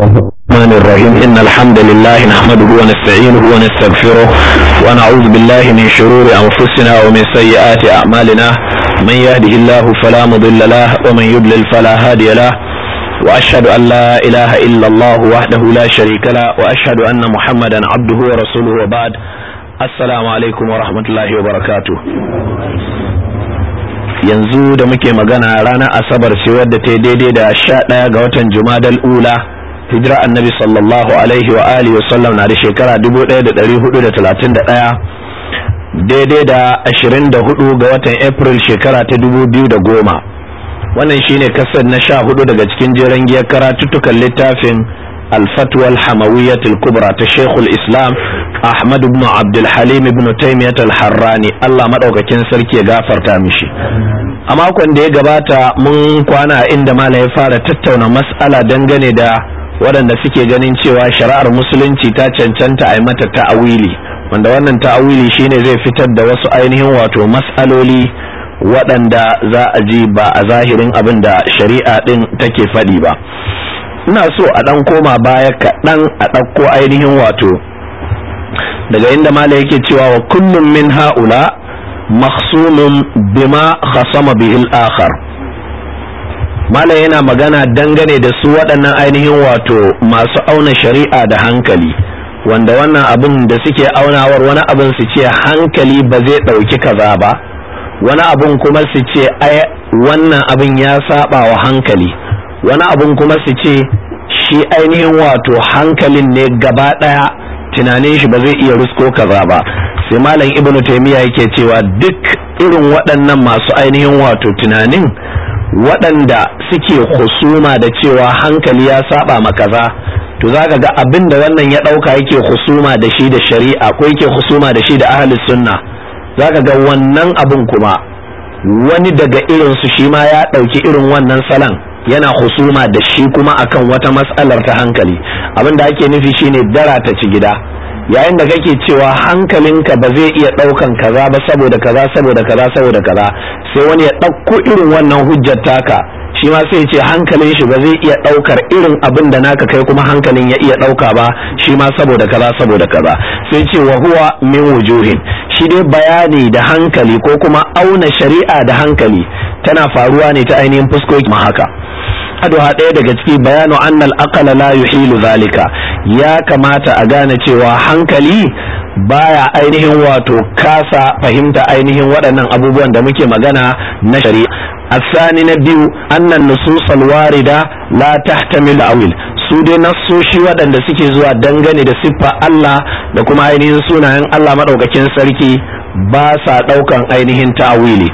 الرحمن الرحيم إن الحمد لله نحمده ونستعينه ونستغفره ونعوذ بالله من شرور أنفسنا ومن سيئات أعمالنا من يهده الله فلا مضل له ومن يضلل فلا هادي له وأشهد أن لا إله إلا الله وحده لا شريك له وأشهد أن محمدا عبده ورسوله وبعد السلام عليكم ورحمة الله وبركاته yanzu da muke magana ranar asabar ce wadda ta daidai da sha ɗaya ga watan jumadal ula hijira annabi sallallahu alaihi wa alihi wasallam na da shekara 1431 daidai da 24 ga watan april shekara ta 2010 wannan shine kasar na 14 daga cikin jeren giyar karatuttukan littafin الفتوى الحموية الكبرى تشيخ الإسلام أحمد بن عبد الحليم بن تيمية الحراني الله مدعوك كن سركي غافر تامشي أما كون دي غباتا من كوانا عندما لا يفار تتونا مسألة دنغني دا waɗanda suke ganin cewa shari'ar musulunci ta cancanta a mata ta'awili wanda wannan ta'awili shine zai fitar da wasu ainihin wato mas'aloli waɗanda za a ji ba a zahirin abin da shari'a ɗin take faɗi ba ina so a ɗan koma baya kaɗan a ɗauko ainihin wato daga inda mala yake cewa wa kullum min ha'ula maksumin bima khasama bihil akhar malam yana magana dangane da su waɗannan ainihin wato masu auna shari'a da hankali wanda wannan abin da suke aunawar wani abin su ce hankali ba zai ɗauki kaza ba wani abin kuma su ce ai wannan abin ya saba wa hankali wani abin kuma su ce shi ainihin wato hankalin ne gaba ɗaya tunanin shi ba zai iya rusko kaza ba sai malam ibnu taimiyya yake cewa duk irin waɗannan masu ainihin wato tunanin waɗanda suke husuma da cewa hankali ya saba ma kaza to zaka ga abin da wannan ya ɗauka yake husuma da shi da shari'a ko yake husuma da shi da ahli sunna zaka ga wannan abin kuma wani daga irinsu shi ma ya ɗauki irin wannan salan yana husuma da shi kuma akan wata mas'alar ta hankali abin da ake nufi shine dara ta ci gida yayin da kake cewa hankalinka ba zai iya ɗaukan kaza ba saboda kaza saboda kaza saboda kaza sai wani ya ɗauko irin wannan hujjar taka shi ma sai ce hankalin shi ba zai iya ɗaukar irin abin da naka kai kuma hankalin ya iya ɗauka ba shi ma saboda kaza saboda kaza sai ce wa huwa min wujuhin shi dai bayani da hankali ko kuma auna shari'a da hankali tana faruwa ne ta ainihin fuskoki ma haka ahaduha ɗaya daga ciki bayanu annal aqala la yuhilu zalika ya kamata a gane cewa hankali baya ainihin wato kasa fahimta ainihin waɗannan abubuwan da muke magana na shari'a الثاني نبي أن النصوص الواردة لا تحتمل أويل su dai nassoshi waɗanda suke zuwa dangane da siffa Allah da kuma ainihin sunayen Allah maɗaukakin sarki ba sa ɗaukan ainihin ta'awili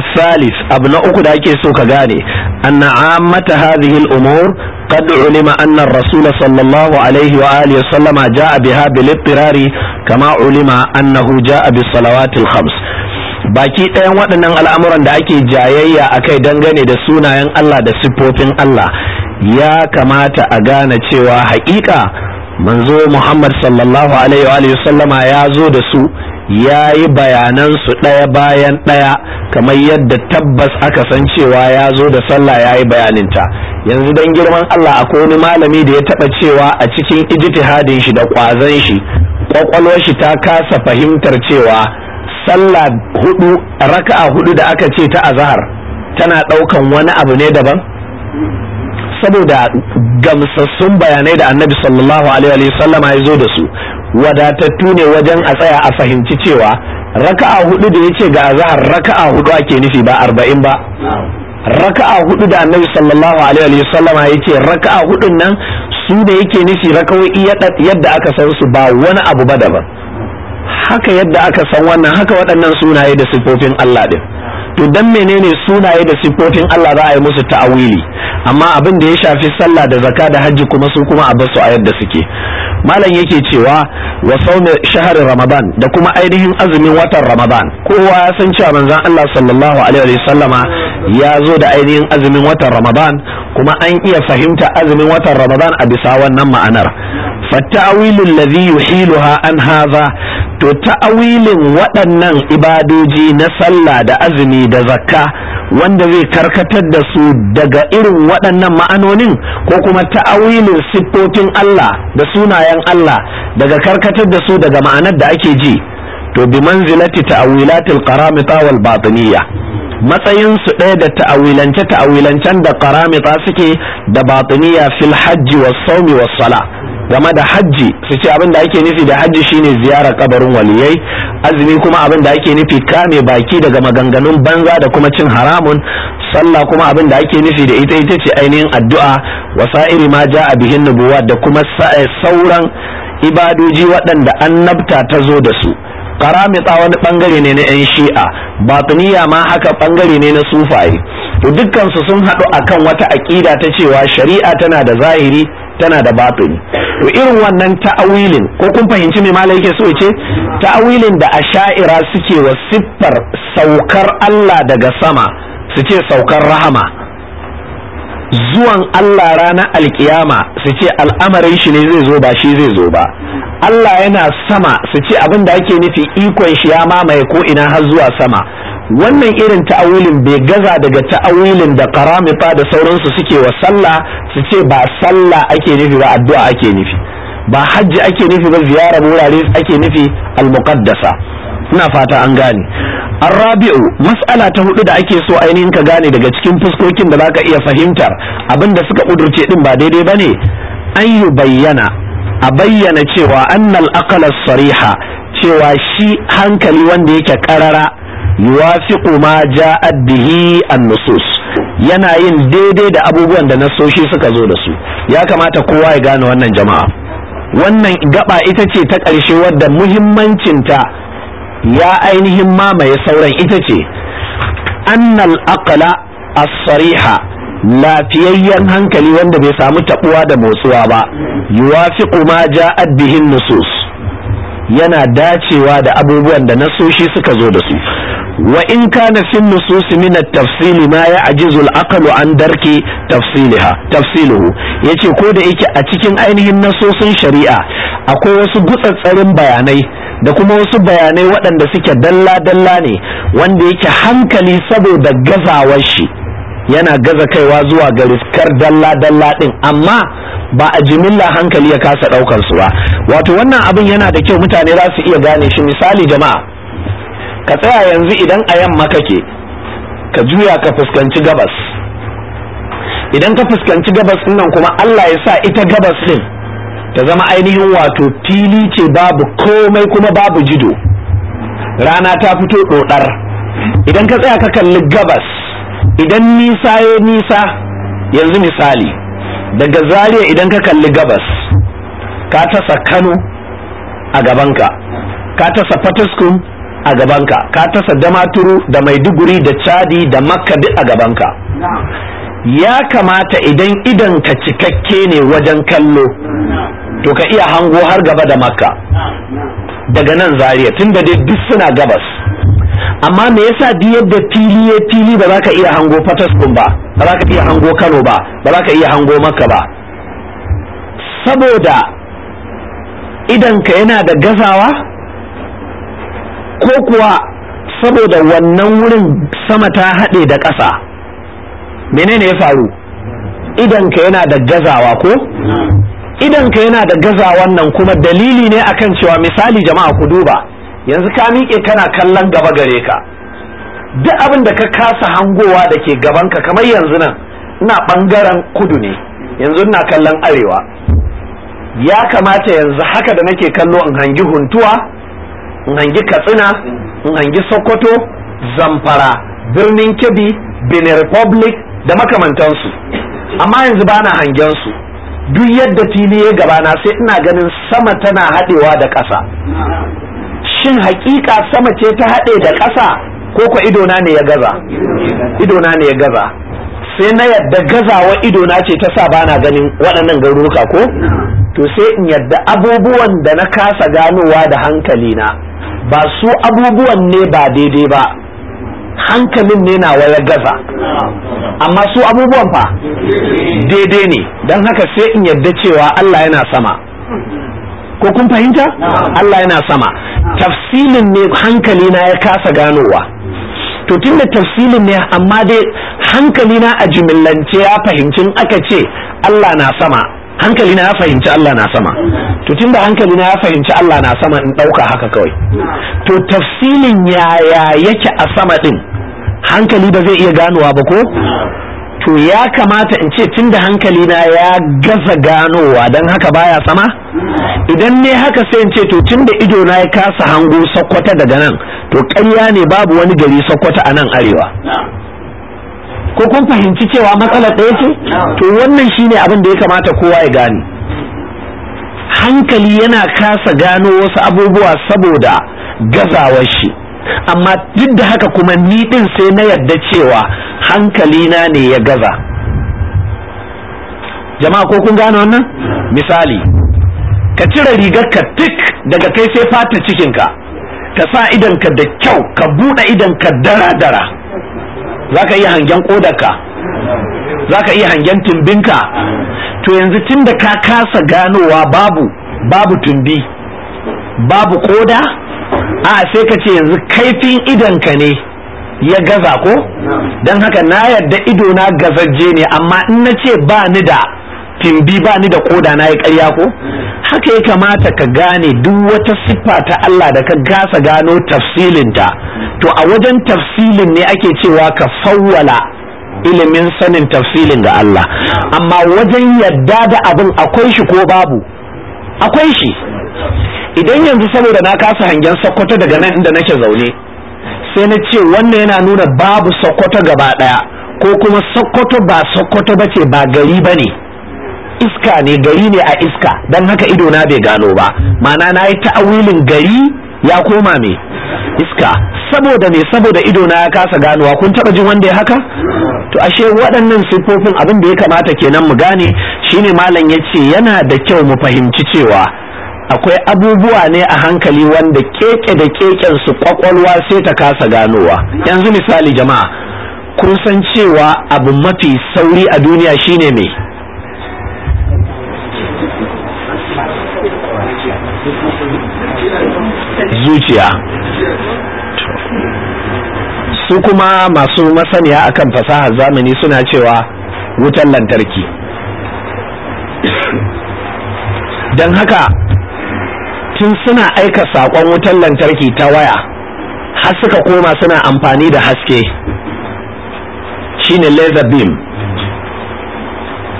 الثالث abu na uku da ake so ka gane أن عامة هذه umur قد علم أن الرسول صلى الله عليه وآله وسلم جاء بها بالاضطرار كما علم أنه جاء بالصلوات الخمس baki ɗayan waɗannan al'amuran da ake jayayya a kai dangane da sunayen Allah da siffofin Allah ya kamata a gane cewa haƙiƙa manzo Muhammad sallallahu alaihi wa sallama ya zo da su ya yi bayanansu ɗaya bayan ɗaya kamar yadda tabbas aka san cewa ya zo da sallah ya yi bayaninta yanzu don girman Allah a wani malami da ya taɓa cewa a cikin ijtihadin shi da ƙwazon shi ƙwaƙwalwar shi ta kasa fahimtar cewa sallah hudu raka'a hudu da aka ce ta azhar tana daukan wani abu ne daban saboda gamsassun bayanai da annabi sallallahu alaihi wa sallama ya zo da su wadatattu ne wajen a tsaya a fahimci cewa raka'a hudu da yace ga azhar raka'a hudu ake nufi ba arba'in ba raka'a hudu da annabi sallallahu alaihi wa sallama yace raka'a hudun nan su ne yake nufi raka'o'i yadda aka san su ba wani abu ba daban haka yadda aka san wannan haka waɗannan sunaye da siffofin Allah ɗin to dan menene sunaye da siffofin Allah za a yi musu ta'awili amma abin da ya shafi sallah da zaka da hajji kuma su kuma a basu a yadda suke malam yake cewa wa saumi shahar ramadan da kuma ainihin azumin watan ramadan kowa ya san cewa manzon Allah sallallahu alaihi wa sallama ya zo da ainihin azumin watan ramadan kuma an iya fahimta azumin watan ramadan a bisa wannan ma'anar fatta'awilul ladhi yuhiluha an hadha to ta'awilin waɗannan ibadoji na sallah da azumi da zakka wanda zai karkatar da su daga irin waɗannan ma'anonin ko kuma ta'awilin siffofin Allah da sunayen Allah daga karkatar da su daga ma'anar da ake ji to bi manzilati ta'awilatil qaramita wal batiniya matsayin su ɗaya da ta'awilance ta'awilancen da qaramita suke da batiniya fil hajji was sawmi was sala game da hajji su ce abin da ake nufi da hajji shine ziyara kabarin waliyai azumi kuma abin da ake nufi kame baki daga maganganun banza da kuma cin haramun sallah kuma abin da ake nufi da ita ita ce ainihin addu'a wasa'iri ma ja a bihin nubuwa da kuma eh, sauran ibadoji waɗanda an nabta ta zo da su karamita wani bangare ne na 'yan shi'a batuniya ma haka bangare ne na sufaye to dukkansu sun haɗu akan wata aƙida ta cewa shari'a tana da zahiri tana da batini to irin wannan ta'awilin ko kun fahimci me malai yake so ya ce ta'awilin da asha'ira suke wa siffar saukar Allah daga sama su ce saukar rahama zuwan Allah ranar alkiyama su ce al'amarin shi ne zai zo ba shi zai zo ba Allah yana sama su ce abin da ake nufi ikon shi ya mamaye ko ina har zuwa sama wannan irin ta'awilin bai gaza daga ta'awilin da karamita da sauransu suke wa sallah su ce ba sallah ake nufi ba addu'a ake nufi ba hajji ake nufi ba ziyara wurare ake nufi al ina fata an gane Rabi'u mas'ala ta hudu da ake so ainihin ka gane daga cikin fuskokin da zaka iya fahimtar abin da suka kudurce din ba daidai bane an yi bayyana a bayyana cewa annal aqala sariha cewa shi hankali wanda yake karara yuwafiqu ma ja'at bihi an-nusus yana yin daidai da abubuwan da nasoshi suka zo da su ya kamata kowa ya gane wannan jama'a wannan gaba ita ce ta ƙarshe wadda ta ya ainihin mamaye sauran ita ce annal aqla as-sariha lafiyayyen hankali wanda bai samu tabuwa da motsuwa ba yuwafiqu ma ja'at bihin nusus yana dacewa da abubuwan da nasoshi suka zo da su wa in kana fi nusus min at-tafsil ma ya'jizu al-aql an darki tafsilha tafsiluhu yace ko da yake a cikin ainihin nasosin shari'a akwai wasu gutsatsarin bayanai da kuma wasu bayanai waɗanda suke dalla-dalla ne wanda yake hankali saboda gazawar shi yana gaza kaiwa zuwa ga riskar dalla-dalla ɗin amma ba a jimilla hankali ya kasa ɗaukar su ba wato wannan abin yana da kyau mutane za su iya gane shi misali jama'a ka tsaya yanzu idan a yamma kake ka juya ka fuskanci gabas idan ka fuskanci gabas nan kuma Allah ya sa ita gabas din ta zama ainihin wato fili ce babu komai kuma babu jido rana ta fito ɗoɗar idan ka tsaya ka kalli gabas idan nisa ya nisa yanzu misali daga zaria idan ka kalli gabas ka tasa kano a gabanka ka tasa fataskum a gabanka ka tasa damaturu da maiduguri da chadi da makka duk a gabanka ya kamata idan idan ka cikakke ne wajen kallo to ka iya hango har gaba da makka daga nan zaria tunda dai duk suna gabas amma me yasa duk yadda fili ya fili ba za ka iya hango fataskun ba ba za ka iya hango kano ba ba za ka iya hango makka ba saboda idan ka yana da gazawa ko kuwa saboda wannan wurin sama ta haɗe da ƙasa menene ya faru idanka yana da gazawa ko idanka yana da gazawan nan kuma dalili ne akan cewa misali jama'a ku duba yanzu ka miƙe kana kallon gaba gare ka duk abin da ka kasa hangowa da ke gabanka kamar yanzu nan ina ɓangaren kudu ne yanzu ina kallon arewa ya kamata yanzu haka da nake kallo in hangi huntuwa in hangi katsina in hangi sokoto zamfara birnin kebbi benin republic da makamantansu amma yanzu ba na hangen su duk yadda fili ya gabana sai ina ganin sama tana haɗewa da ƙasa shin hakika sama ce ta haɗe da ƙasa ko ko idona ne ya gaza idona ne ya gaza sai na yadda gazawa idona ce ta sa bana ganin waɗannan garuruka ko to sai in yadda abubuwan da na kasa ganowa da hankalina ba su abubuwan ne ba daidai ba hankalin ne na ya gaza amma su abubuwan fa daidai ne don haka sai in yadda cewa Allah yana sama ko kun fahimta Allah yana sama tafsilin ne hankali na ya kasa ganowa to tunda tafsilin ne amma dai hankalina a jimillance ya fahimcin aka ce Allah na sama hankali na ya fahimci Allah na sama to tun da hankali na ya fahimci Allah na sama in ɗauka haka kawai to tafsilin yaya yake a sama ɗin hankali ba zai iya ganowa ba ko to ya kamata in ce tun da hankali na ya gaza ganowa don haka baya sama idan ne haka sai in ce to tun da ido na ya kasa hango sakkwata daga nan to ƙarya ne babu wani gari sakkwata a nan arewa ko kun fahimci cewa matsalar ɗaya ce to wannan shine abin da ya kamata kowa ya gane hankali yana kasa gano wasu abubuwa saboda gazawar shi amma duk da haka kuma ni din sai na yarda cewa hankalina ne ya gaza jama'a ko kun gano wannan misali ka cire rigar ka tik daga kai sai fata cikinka ka sa idanka da kyau ka buɗe idanka dara-dara za ka iya hangen kodarka za ka iya hangen tumbinka to yanzu tun da ka kasa ganowa babu babu tumbi babu koda a sai ka ce yanzu kaifin idonka ne ya gaza ko don haka na yadda idona gazajje ne amma in na ce ba ni da timbi ba ni da koda na yi ƙarya ko haka ya kamata ka gane duk wata siffa ta Allah da ka gasa gano tafsilinta to a wajen tafsilin ne ake cewa ka fawwala ilimin sanin tafsilin ga Allah amma wajen yadda da abin akwai shi ko babu akwai shi idan yanzu saboda na kasa hangen sokoto daga nan inda nake zaune sai na ce wannan yana nuna babu sokoto gaba daya ko kuma sokoto ba sokoto bace ba gari bane iska ne gari ne a iska don haka ido na bai gano ba ma'ana na yi ta'awilin gari ya koma me iska saboda me saboda ido na ya kasa ganowa kun taba jin wanda ya haka to ashe waɗannan siffofin abin da ya kamata kenan mu gane shine malam ya ce yana da kyau mu fahimci cewa akwai abubuwa ne a hankali wanda keke da keken su kwakwalwa sai ta kasa ganowa yanzu misali jama'a kun san cewa abu mafi sauri a duniya shine mai. zuciya su kuma masu masaniya akan fasahar zamani suna cewa wutar lantarki don haka tun suna aika saƙon wutan lantarki ta waya har suka koma suna amfani da haske shine laser beam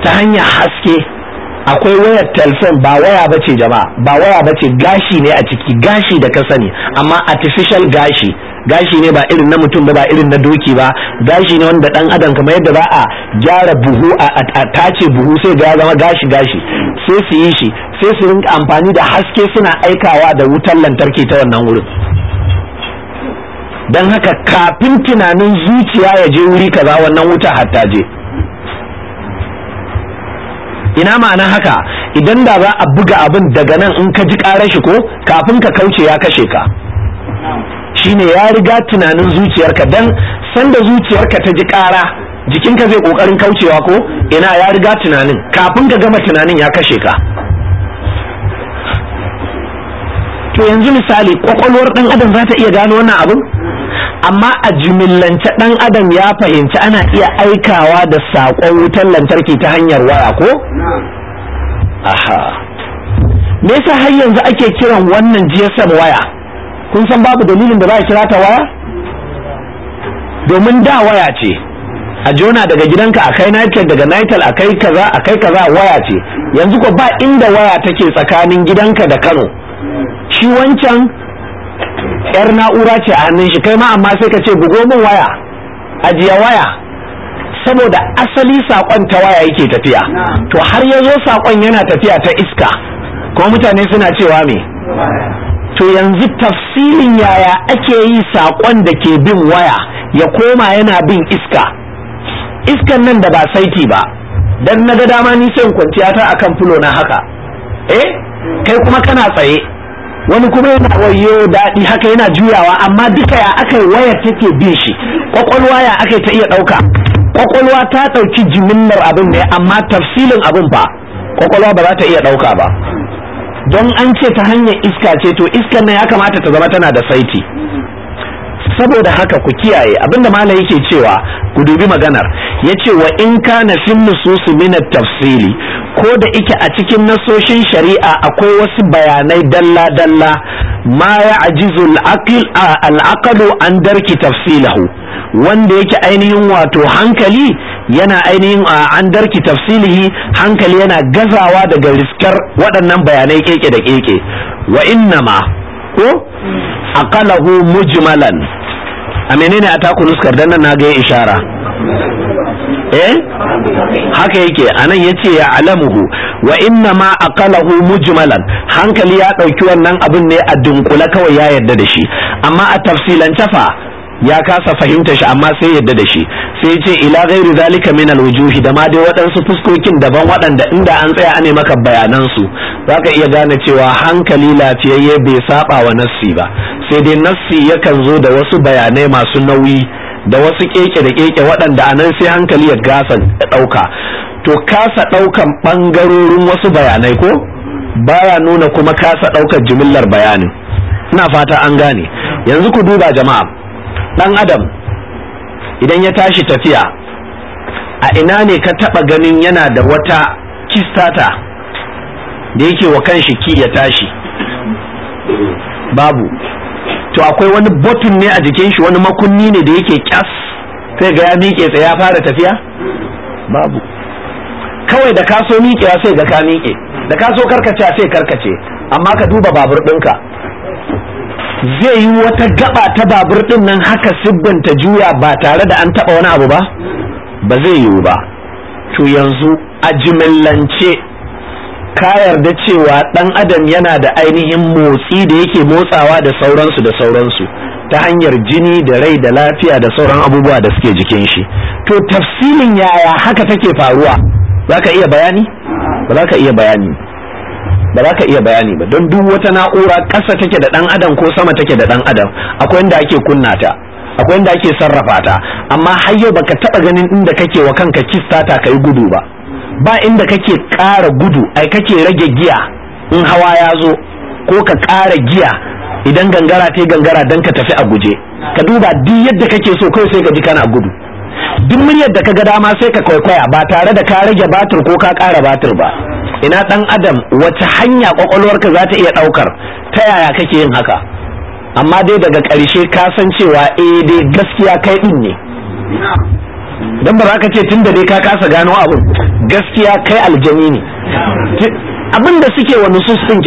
ta hanyar haske akwai wayar telefon ba waya ba ce jama'a ba waya ba ce gashi ne a ciki gashi da ka sani amma artificial gashi gashi ne ba irin na mutum ba ba irin na doki ba gashi ne wanda dan adam kamar yadda za a gyara buhu a tace buhu sai ga zama gashi gashi sai su yi shi sai su rinka amfani da haske suna aikawa da wutar lantarki ta wannan wurin dan haka kafin tunanin zuciya ya je wuri kaza wannan wuta hatta je ina ma'ana haka idan da za a buga abin daga nan in ka ji ƙarar shi ko kafin ka kauce ya kashe ka shine ya riga tunanin zuciyarka dan sanda zuciyarka ta ji ƙara jikinka zai ƙoƙarin kaucewa ko ina ya riga tunanin kafin ka gama tunanin ya kashe ka to yanzu misali ƙwaƙwalwar ɗan adam za ta iya gano wannan abin amma a jimillance ɗan adam ya fahimci ana iya aikawa da saƙon wutar lantarki ta hanyar waya ko aha me yasa har yanzu ake kiran wannan GSM waya kun san babu dalilin da za a kira ta waya domin da waya ce a jona daga gidanka akai nitel daga nitel akai kaza akai kaza waya ce yanzu ko ba inda waya take tsakanin gidanka da Kano shi wancan yar na'ura ce a hannun shi kai ma amma sai ka ce bugo min waya ajiye waya saboda asali sakon ta waya yake tafiya to har ya zo sakon yana tafiya ta iska kuma mutane suna cewa me to yanzu tafsirin yaya ake yi sakon da ke bin waya ya koma yana bin iska iskan nan da ba saiti ba dan na ga dama ni sai kwanciya ta akan fulo na haka eh kai kuma kana tsaye wani kuma yana wayo daɗi haka yana juyawa amma duka ya aka yi wayar take bin shi kwakwalwa ya aka ta iya ɗauka kwakwalwa ta ɗauki jimillar abin ne amma tafsilin abin ba kwakwalwa ba za ta iya ɗauka ba don an ce ta hanyar iska ce to iskar nan ya kamata ta zama tana da saiti saboda haka ku kiyaye abinda malam yake cewa ku dubi maganar ya ce wa in kana fil nusus min tafsili ko da ike a cikin nasoshin shari'a akwai wasu bayanai dalla dalla ma ya ajizu alakalu an darki tafsilahu wanda yake ainihin wato hankali yana ainihin a an darki tafsilihi hankali yana gazawa daga riskar waɗannan bayanai keke da keke wa innama ko aqalahu mujmalan a menene a taku nuskar dan nan naga ishara eh haka yake anan yace ya alamuhu wa inna ma aqalahu mujmalan hankali ya dauki wannan abin ne a dunkula kawai ya yarda da shi amma a tafsilan tafa ya kasa fahimta shi amma sai yarda da shi sai ce ila ghairi zalika min alwujuhi da ma dai waɗansu fuskokin daban waɗanda inda an tsaya ane maka bayanan su zaka iya gane cewa hankali lafiyayye bai saba wa nassi ba sai dai nassi yakan zo da wasu bayanai masu nauyi da wasu keke da keke waɗanda anan sai hankali ya gasa ɗauka to kasa ɗaukan ɓangarorin wasu bayanai ko baya nuna kuma kasa ɗaukar jimillar bayanin ina fata an gane yanzu ku duba jama'a ɗan adam idan ya tashi tafiya a ina ne ka taba ganin yana da wata kistata da yake wa kanshi ki ya tashi babu to akwai wani botun ne a jikin shi wani makunni ne da yake kyas sai ga ya miƙe tsaye ya fara tafiya babu kawai da ka so sai ga ka miƙe da kaso karkace sai karkace amma ka duba babur ɗinka zai yi wata gaba ta babur din nan haka sibbin ta juya ba tare da an taba wani abu ba ba zai yiwu ba to yanzu a jimillance ka yarda cewa dan adam yana da ainihin motsi da yake motsawa da sauransu da sauransu ta hanyar jini da rai da lafiya da sauran abubuwa da suke jikin shi to tafsirin yaya haka take faruwa za ka iya bayani ba za ka iya bayani ba za ka iya bayani ba don duk wata na'ura ƙasa take da ɗan adam ko sama take da ɗan adam akwai inda ake kunna ta akwai inda ake sarrafa ta amma har yau baka taɓa ganin inda kake wa kanka kista ta kai gudu ba ba inda kake ƙara gudu ai kake rage giya in hawa ya zo ko ka ƙara giya idan gangara ta gangara don ka tafi a guje ka duba duk yadda kake so kawai sai ka ji kana gudu duk muryar da ka ga dama sai ka kwaikwaya ba tare da ka rage batir ko ka ƙara batir ba ina ɗan adam wace hanya ƙwaƙwalwarka za ta iya ɗaukar ta yaya kake yin haka amma dai daga ƙarshe ka san cewa eh dai gaskiya kai ɗin ne don ba za ka ce tun da dai ka kasa gano abin gaskiya kai aljani ne abin da suke wa nusus din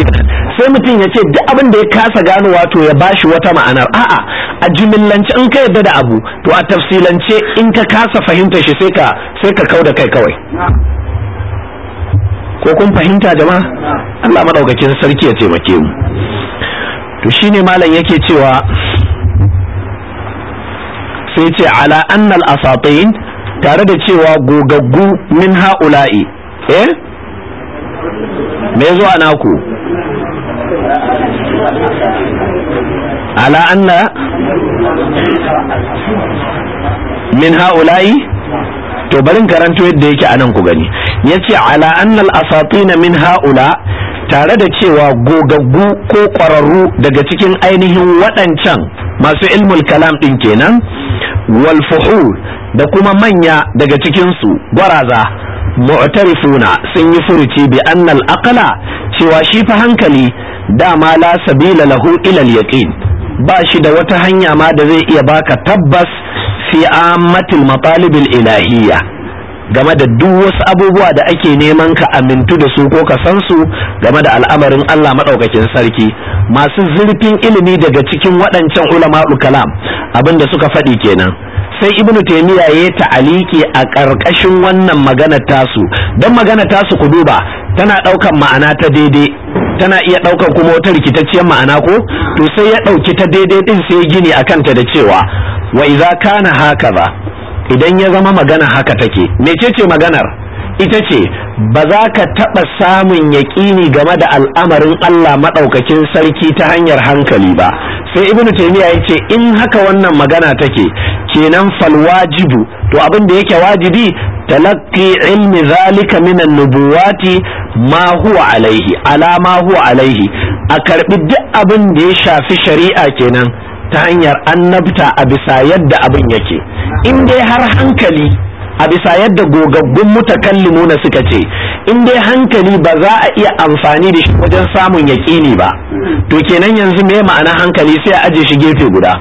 sai mutum ya ce duk abin da ya kasa gano wato ya bashi wata ma'anar a'a a jimillance in ka yadda da abu to a tafsilance in ka kasa fahimta shi sai ka sai ka kauda kai kawai ko kun fahimta jama'a Allah madaukakin sarki ya taimake mu to shine malam yake cewa sai ce ala annal asatin tare da cewa gogaggu min ha'ula'i eh me zo a naku ala anna min haula'i to barin karanto yadda yake anan ku gani yace ala al asatina min haula tare da cewa gogaggu ko kwararru daga cikin ainihin waɗancan masu ilmul kalam ɗin kenan wal fuhul da kuma manya daga cikin su gwaraza mu'tarifuna sun yi furuci bi annal aqla cewa shi fa hankali dama la sabila lahu ila al ba shi da wata hanya ma da zai iya baka tabbas fi ammatil matalibil ilahiyya game da duk wasu abubuwa da ake neman ka amintu da su ko ka san su game da al'amarin Allah maɗaukakin sarki masu zurfin ilimi daga cikin waɗancan ulama kalam abin da suka faɗi kenan sai ibnu taymiya ya ta'aliki a ƙarƙashin wannan magana tasu don magana tasu ku duba tana ma'ana ta daidai tana iya ɗaukan kuma wata rikitacciyar ma'ana ko to sai ya ɗauki ta daidai ɗin sai gini a kanta da cewa wa iza kana hakaza idan ya zama magana haka take mecece maganar ita ce ba za ka taɓa samun yaƙini game da al'amarin Allah maɗaukakin sarki ta hanyar hankali ba sai ibnu taymiya ya ce in haka wannan magana take kenan falwajibu to abin da yake wajibi talakki ilmi zalika, minan النبوات ma huwa alaihi ala ma huwa alaihi a karɓi duk abin da ya shafi shari'a kenan ta hanyar annabta a bisa yadda abin yake in dai har hankali a bisa yadda gogaggun na suka ce in dai hankali ba za a iya amfani da shi wajen samun yaƙini ba to kenan yanzu mai ma'ana hankali sai a aje shi gefe guda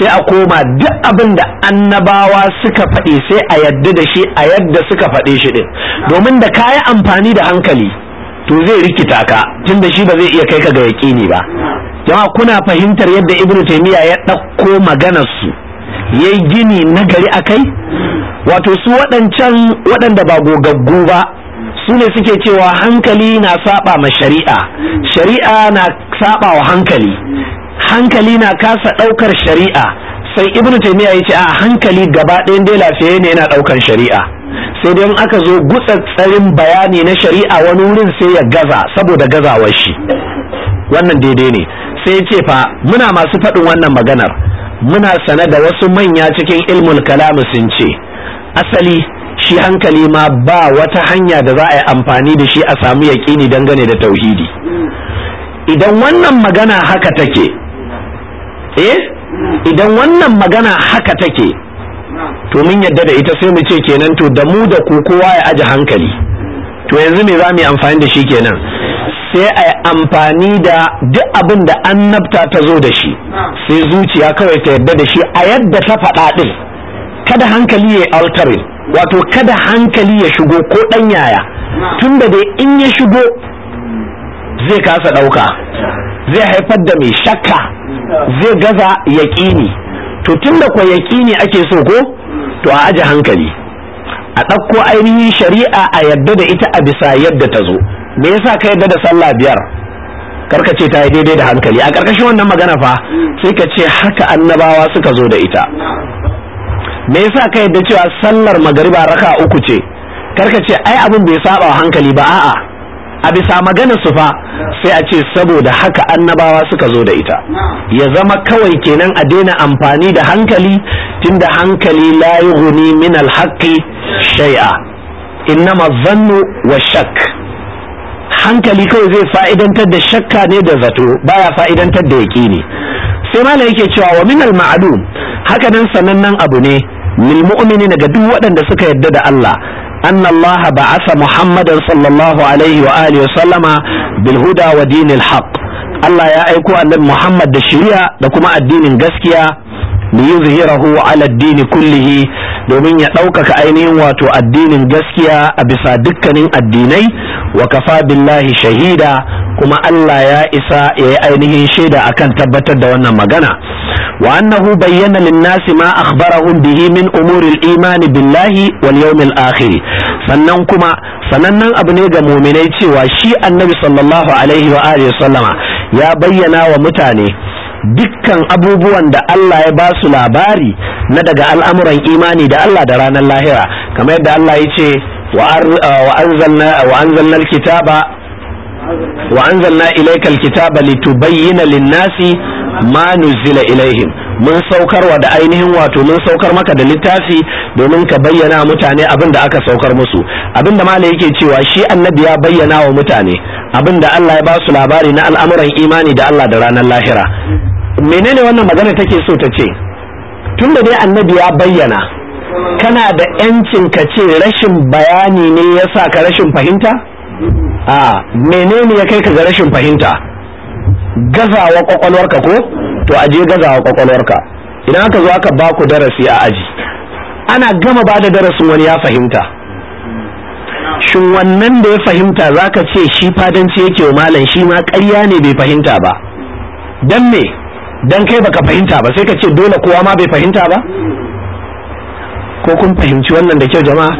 sai a koma duk abin da annabawa suka faɗi sai a yadda da shi a yadda suka faɗe shi ɗin, domin da yi amfani da hankali to zai rikita ka tunda shi ba zai iya kai ka ga yaƙini ba Yawa kuna fahimtar yadda ibnu taymiya ya ɗauko maganar su yayi gini na gari akai wato su waɗancan waɗanda ba gogaggu ba su ne suke cewa hankali na saba ma shari'a shari'a na saba wa hankali hankali na kasa ɗaukar shari'a sai ibn taymiya yace a hankali gaba ɗayan dai lafiya ne yana ɗaukar shari'a sai dai in aka zo gutsa tsarin bayani na shari'a wani wurin sai ya gaza saboda gazawar shi wannan daidai ne sai yace fa muna masu faɗin wannan maganar muna sane da wasu manya cikin ilmul kalamu sun ce asali shi hankali ma ba wata hanya da za a yi amfani da shi a samu yaƙini dangane da tauhidi idan wannan magana haka take eh idan wannan magana haka take to mun yadda da ita sai mu ce kenan to da mu da ku kowa ya aji hankali to yanzu me za mu yi amfani da shi kenan sai a yi amfani da duk abin da annabta ta zo da shi sai zuciya kawai ta yadda da shi a yadda ta faɗa ɗin kada hankali ya altering wato kada hankali ya shigo ko ɗan yaya tun da dai in ya shigo zai kasa ɗauka zai haifar da mai shakka zai gaza yaƙini to tun da kwa yaƙini ake so ko to a aji hankali a ɗauko ainihin shari'a a yadda da ita a bisa yadda ta zo me yasa ka yadda da sallah biyar karka ce ta yi daidai da hankali a ƙarƙashin wannan magana fa sai ka ce haka annabawa suka zo da ita me yasa ka yadda cewa sallar magariba raka uku ce karka ce ai abin bai saba hankali ba a'a a bisa magana su fa sai a ce saboda haka annabawa suka zo da ita ya zama kawai kenan a daina amfani da hankali tunda hankali la yughni min alhaqqi shay'a innama zannu wa shakk hankali kawai zai fa'idantar da shakka ne da zato baya fa'idantar da yaqini sai malam yake cewa wa min al haka nan sanannen abu ne lil mu'minina ga duk waɗanda suka yadda da Allah أن الله بعث محمدا صلى الله عليه وآله وسلم بالهدى ودين الحق Allah ya aiko annabi Muhammad da shari'a da kuma addinin gaskiya liyuzhirahu ala addini kullihi domin ya ɗaukaka ainihin wato addinin gaskiya a bisa dukkanin addinai wa kafa billahi shahida kuma Allah ya isa ya yi ainihin shaida akan tabbatar da wannan magana wa annahu bayyana linnasi ma akhbarahum bihi min umuril imani billahi wal yawmil akhir sannan kuma sanannen abu ne ga muminai cewa shi annabi sallallahu alaihi wa alihi sallama ya bayyana wa mutane dukkan abubuwan da Allah ya ba su labari na daga al'amuran imani da Allah da ranar lahira kamar yadda Allah ya ce wa uh, anzalna alkitaba wa anzalna litubayyana lin-nasi ma nuzila ilaihim mun saukar wa da ainihin wato mun saukar maka da littafi domin ka bayyana mutane abin da aka saukar musu abin da malai yake cewa shi annabi ya bayyana wa mutane abin da Allah ya ba su labari na al'amuran imani da Allah da ranar lahira menene wannan magana take so ta ce tun da dai annabi ya bayyana kana da yancin ka ce rashin bayani ne ya sa ka rashin fahimta a menene ya kai ka ga rashin fahimta gazawa kwakwalwarka ko to a je gazawa kwakwalwarka idan aka zo aka baku darasi a aji ana gama ba da darasin wani ya fahimta shin wannan da ya fahimta zaka ce shi fadanci yake wa malam shi ma ƙarya ne bai fahimta ba dan me Don kai baka fahimta ba sai ka ce dole kowa ma bai fahimta ba ko kun fahimci wannan da kyau jama'a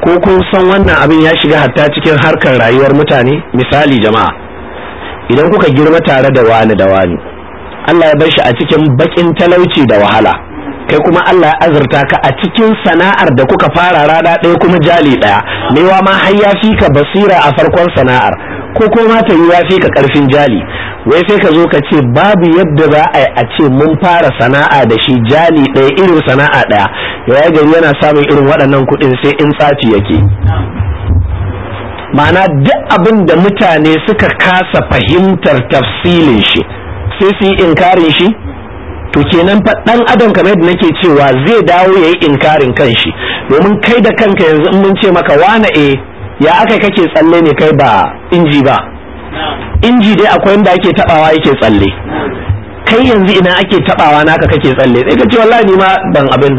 ko kun san wannan abin ya shiga hatta cikin harkar rayuwar mutane misali jama'a idan kuka girma tare da wani da wani Allah ya bar shi a cikin bakin talauci da wahala kai kuma Allah ya azurta ka a cikin sana'ar da kuka fara rana ɗaya kuma jali ɗaya mewa ma har ya fi ka basira a farkon sana'ar ko koma ta yi yafi ka karfin jali wai sai ka zo ka ce babu yadda za a a ce mun fara sana'a da shi jali ɗaya irin sana'a ɗaya yaya gari yana samun irin waɗannan kuɗin sai in tsaci yake ma'ana duk abin da mutane suka kasa fahimtar tafsilin shi sai su yi inkarin shi to kenan fa dan adam kamar yadda nake cewa zai dawo yayi inkarin kanshi domin kai da kanka yanzu in mun ce maka wane eh ya aka kake tsalle ne kai ba inji ba inji dai akwai inda ake tabawa yake tsalle kai yanzu ina ake tabawa naka kake tsalle sai ka ce wallahi ni ma ban abin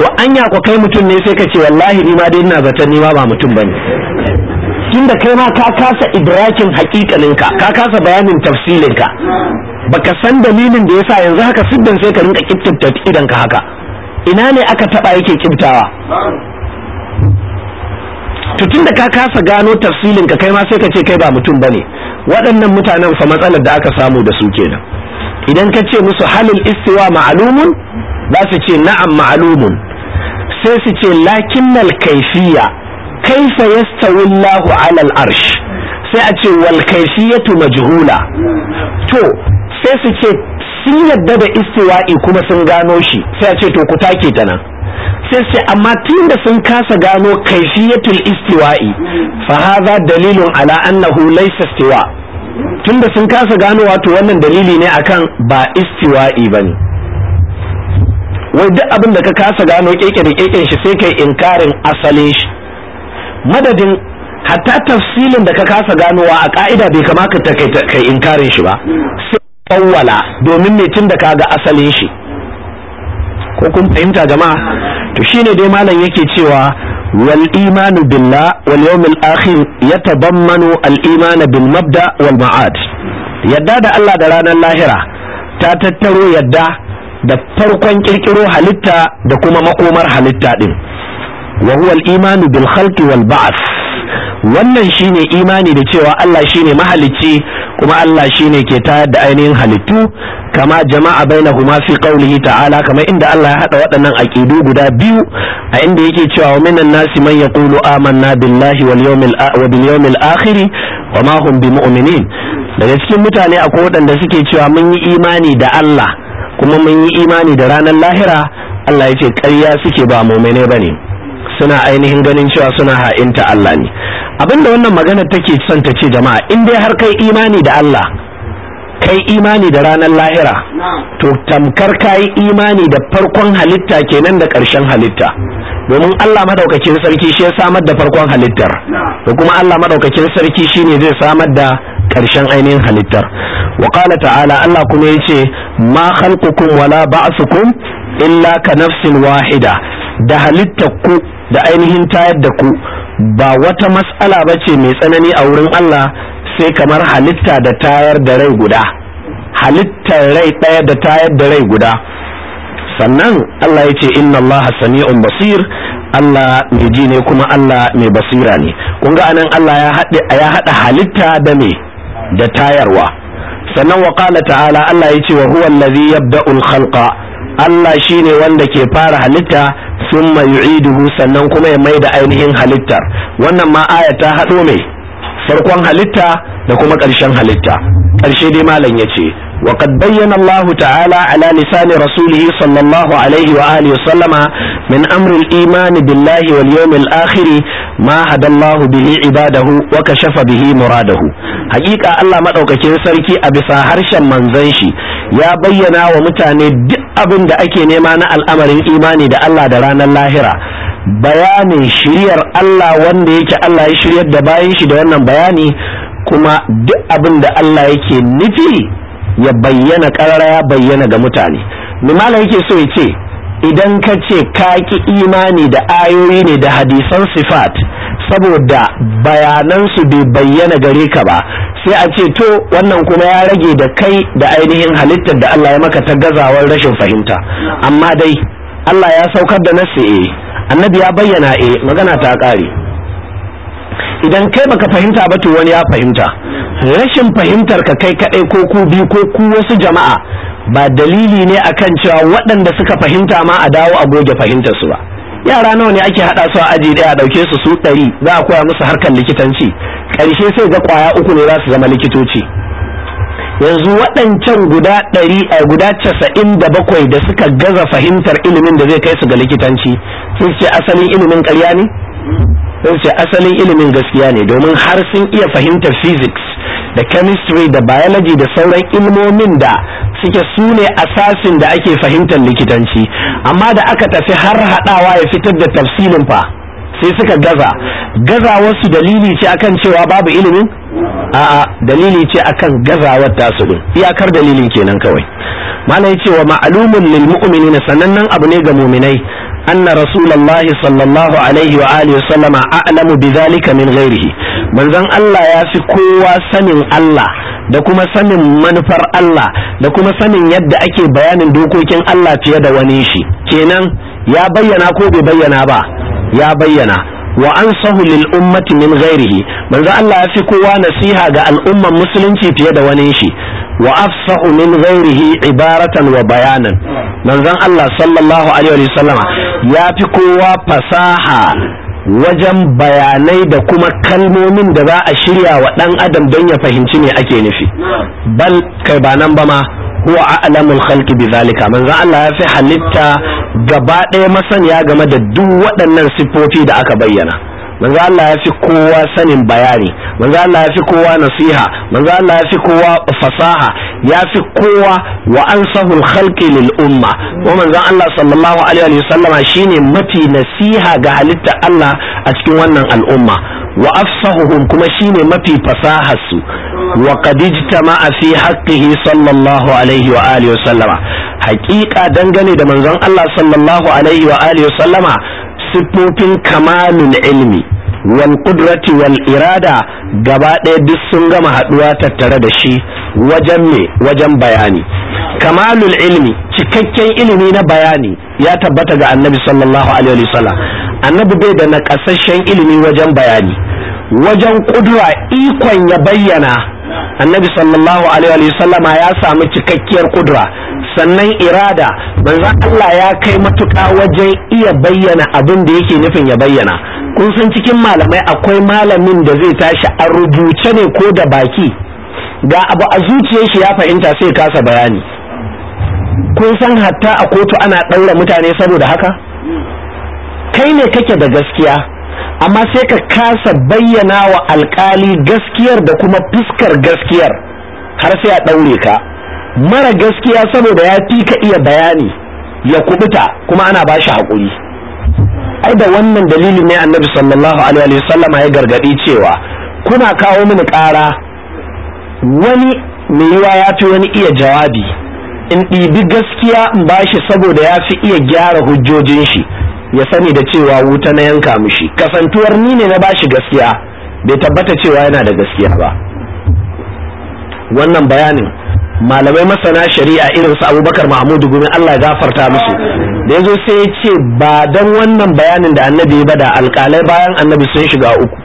to anya ko kai mutum ne sai ka ce wallahi ni ma dai ina zaton ni ma ba mutum bane tunda kai ma ka kasa idrakin hakikalinka ka kasa bayanin tafsirinka baka san dalilin da yasa yanzu haka siddan sai ka rinka kiftifta idan ka haka ina ne aka taba yake kimtawa to tunda ka kasa gano tafsilin ka kai ma sai ka ce kai ba mutum bane waɗannan mutanen fa matsalar da aka samu da su kenan idan ka ce musu halil istiwa ma'lumun za su ce na'am ma'lumun sai su ce lakinnal kaifiya kaifa yastawi Allahu 'alal arsh sai a ce wal kaifiyatu majhula to sai su ce sun yadda da istiwa'i kuma sun gano shi sai a ce to ku take ta nan sai sai amma tun da sun kasa gano kaifiyatul istiwa'i fa hadha dalilun ala annahu laysa istiwa tun da sun kasa gano wato wannan dalili ne akan ba istiwa'i bane wai duk abin da ka kasa gano keke da keken shi sai kai inkarin asalin shi madadin hatta tafsilin da ka kasa ganowa a ka'ida bai kamata kai inkarin shi ba tsawwala domin me tun da kaga asalin shi ko kun fahimta jama'a to shine dai malam yake cewa wal imanu billah wal yawmil akhir yatabammanu al iman bil mabda wal ma'ad yadda da Allah da ranar lahira ta tattaro yadda da farkon kirkiro halitta da kuma makomar halitta din wa huwa al imanu bil khalqi wal ba'th wannan shine imani da cewa Allah shine mahalicci kuma Allah shine ke tayar da ainihin halittu kama jama'a bainahuma fi qawlihi ta'ala kamar inda Allah ya hada waɗannan aqidu guda biyu a inda yake cewa wa minan nasi man yaqulu amanna billahi wal yawmil wa bil yawmil akhir wa ma hum bimu'minin daga cikin mutane akwai waɗanda suke cewa mun yi imani da Allah kuma mun yi imani da ranar lahira Allah ya ce ƙarya suke ba mu'mine bane suna ainihin ganin cewa suna ha'inta Allah ne Abin da wannan magana take son ta ce jama'a in dai har kai imani da Allah kai imani da ranar lahira to tamkar kai imani da farkon halitta kenan da ƙarshen halitta domin Allah madaukakin sarki shi ya samar da farkon halittar da kuma Allah madaukakin sarki shine zai samar da ƙarshen ainihin halittar wa qala ta'ala Allah kuma yace ma khalqukum wala ba'sukum illa ka nafsin wahida da halittar ku da ainihin tayar da ku ba wata matsala ba ce mai tsanani a wurin Allah sai kamar halitta da tayar da rai guda halittar rai ɗaya da tayar da rai guda sannan Allah ya ce inna Allah sami'un basir Allah mai ji ne kuma Allah mai basira ne kun ga anan Allah ya haɗa ya haɗa halitta da me da tayarwa sannan wa ta'ala Allah ya ce wa huwa allazi yabda'ul khalqa Allah shine wanda ke fara halitta summa yu'iduhu sannan kuma ya mai da ainihin halittar wannan ma aya ta haɗo mai farkon halitta da kuma ƙarshen halitta ƙarshe dai malam ya ce وقد بين الله تعالى على لسان رسوله صلى الله عليه وآله وسلم من أمر الإيمان بالله واليوم الآخر ما هدى الله به عباده وكشف به مراده حقيقة الله مدعوك كنسركي أبسا هرشا ya bayyana wa mutane duk abin da ake nema na al'amarin imani da Allah da ranar lahira bayanin shiryar Allah wanda yake Allah ya shiryar da bayan shi da wannan bayani kuma duk abin da Allah yake nufi ya bayyana karara ya bayyana ga mutane malam yake so ya ce idan ka ce ka ki imani da ayoyi ne da hadisan sifat saboda bayanansu bai bayyana gare ka ba sai a ce to wannan kuma ya rage da kai da ainihin halittar da Allah ya maka ta gazawar rashin fahimta amma dai Allah ya saukar da nasi eh annabi ya bayyana eh magana ta ƙare idan kai baka fahimta ba to wani ya fahimta rashin fahimtar ka kai kadai ko ku biyu ko ku wasu jama'a ba dalili ne akan cewa waɗanda suka fahimta ma a dawo a goge fahimtar su ba yara nawa ne ake haɗa su a aji daya a ɗauke su su ɗari za a koya musu harkar likitanci ƙarshe sai ga kwaya uku ne za su zama likitoci yanzu waɗancan guda ɗari a eh, guda casa'in da bakwai da suka gaza fahimtar ilimin da zai kai su ga likitanci sun ce asalin ilimin ƙarya ne sai ce asalin ilimin gaskiya ne domin har sun iya fahimtar physics da chemistry da biology da sauran ilmomin da suke sune ne asasin da ake fahimtar likitanci amma da aka tafi har haɗawa ya fitar da tafsilin fa sai suka gaza gaza wasu dalili ce akan cewa babu ilimin a'a dalili ce akan gazawar tasu din iyakar dalilin kenan kawai malai cewa wa ma'alumun lil mu'minina sanannan abu ne ga mu'minai anna rasulullahi sallallahu alaihi wa alihi wa sallama a'lamu bidhalika min ghairihi manzon Allah ya fi kowa sanin Allah da kuma sanin manufar Allah da kuma sanin yadda ake bayanin dokokin Allah fiye da wani shi kenan ya bayyana ko bai bayyana ba ya bayyana wa an sahu lil ummati min ghairihi manzo Allah ya fi kowa nasiha ga al'umman musulunci fiye da wani shi wa afsahu min ghairihi ibaratan wa bayanan manzon Allah sallallahu alaihi wa sallama ya fi kowa fasaha wajen bayanai da kuma kalmomin da za a shirya wa dan adam don ya fahimci me ake nufi bal kai ba nan ba ma huwa a'lamul khalqi bidhalika manzon Allah ya fi halitta gaba ɗaya masaniya game da duk waɗannan siffofi da aka bayyana manzo Allah ya fi kowa sanin bayani manzo Allah ya fi kowa nasiha manzo Allah ya fi kowa fasaha ya fi kowa wa ansahul khalqi lil umma ko manzo Allah sallallahu alaihi wa sallama shine mafi nasiha ga halitta Allah a cikin wannan al'umma wa afsahuhum kuma shine mafi fasaha su wa qad ijtama'a fi haqqihi sallallahu alaihi wa alihi wa sallama haqiqa dangane da manzon Allah sallallahu alaihi wa alihi wa sallama siffofin kamalun ilmi wal kudrati wal irada gaba ɗaya duk sun gama haɗuwa tattare da shi wajen me wajen bayani kamalul ilmi cikakken ilimi na bayani ya tabbata ga annabi sallallahu alaihi wasallam annabi bai da naƙasasshen ilimi wajen bayani wajen kudura ikon ya bayyana annabi sallallahu alaihi sallama ya samu cikakkiyar kudura sannan irada manzon Allah ya kai matuƙa wajen iya bayyana abin da yake nufin ya bayyana kun san cikin malamai akwai malamin da zai tashi a rubuce ne ko da baki ga abu a zuciyar shi ya fahimta sai kasa bayani kun san hatta a kotu ana ɗaura mutane saboda haka kai ne kake da gaskiya amma sai ka kasa bayyana wa alkali gaskiyar da kuma fuskar gaskiyar har sai a ɗaure ka mara gaskiya saboda ya fi ka iya bayani ya kubuta kuma ana ba shi haƙuri ai da wannan dalilin ne annabi sallallahu alaihi wasallam ya gargaɗi cewa kuna kawo mini ƙara wani mai yawa ya fi wani iya jawabi in ɗibi gaskiya in bashi saboda ya fi iya gyara hujjojin shi ya sani da cewa wuta na yanka mishi kasantuwar ni ne na bashi gaskiya bai tabbata cewa yana da gaskiya ba wannan bayanin malamai masana shari'a irin su abubakar mahmud gumi allah ya gafarta musu da ya zo sai ya ce ba don wannan bayanin da annabi ba da alkalai bayan annabi sun shiga uku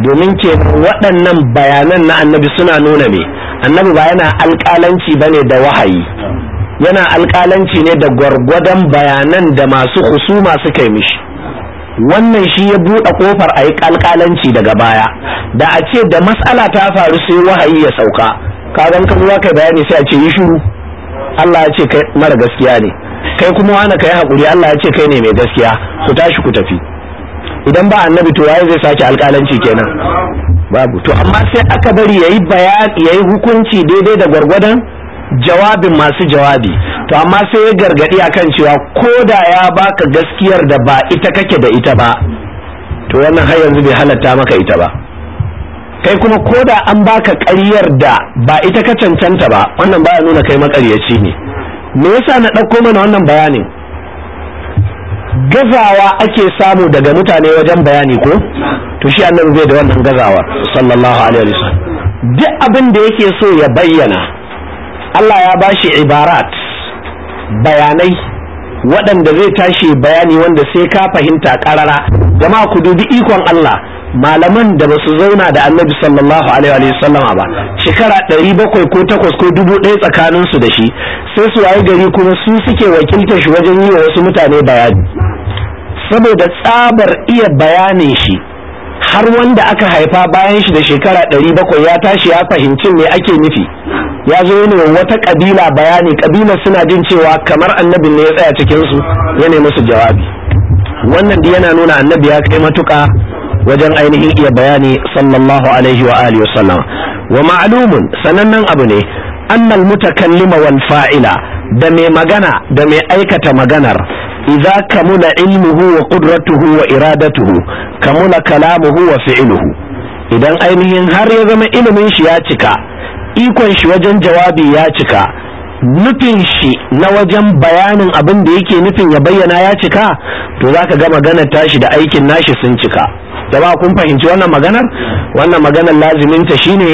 domin ke waɗannan bayanan na annabi suna nuna ne annabi ba yana alkalanci ba ne da wahayi yana alƙalanci ne da gwargwadon bayanan da masu husuma suka yi mishi wannan shi ya buɗe kofar a yi daga baya da a ce da matsala ta faru sai wahayi ya sauka Ka kagan kan zuwa kai bayani sai a ce yi shiru Allah ya ce kai mara gaskiya ne kai kuma wani kai hakuri, Allah ya ce kai ne mai gaskiya ku tashi ku tafi idan ba annabi to waye zai sake alƙalanci kenan babu to amma sai aka bari yayi bayani yayi hukunci daidai da gwargwadon jawabin masu jawabi to amma sai ya gargadi akan cewa ko da ya baka gaskiyar da ba ita kake da ita ba to wannan har yanzu bai halatta maka ita ba kai kuma ko da an baka ƙaryar da ba ita ka cancanta ba wannan baya nuna kai makaryaci ne me yasa na ɗauko mana wannan bayanin gazawa ake samu daga mutane wajen bayani ko to shi annabi bai da wannan gazawa sallallahu alaihi wasallam duk abin da yake so ya bayyana Allah ya ba shi ibarat bayanai waɗanda zai tashi bayani wanda sai ka fahimta ƙarara gama ku dubi ikon Allah malaman da ba su zauna da annabi sallallahu alaihi sallama ba shekara ɗari bakwai ko takwas ko dubu ɗaya tsakanin su da shi sai su waye gari kuma su suke wakiltar shi wajen yi wa wasu mutane bayani saboda tsabar iya bayanin shi har wanda aka haifa bayan shi da shekara ɗari bakwai ya tashi ya fahimci me ake nufi ya zo ne wata ƙabila bayani ƙabila suna jin cewa kamar annabin ne ya tsaya cikinsu ya nemi su jawabi wannan da yana nuna annabi ya kai matuka wajen ainihin iya bayani sallallahu alaihi wa alihi wasallam wa ma'lumun sanannen abu ne annal mutakallima wal fa'ila da mai magana da mai aikata maganar idza kamuna ilmuhu wa qudratuhu wa iradatuhu kamuna kalamuhu wa fi'luhu idan ainihin har ya zama ilimin shi ya cika ikon shi wajen jawabi ya cika nufin shi na wajen bayanin abin da yake nufin ya bayyana ya cika to zaka ga magana tashi da aikin nashi sun cika jama'a kun fahimci wannan maganar wannan maganar lazimin ta shine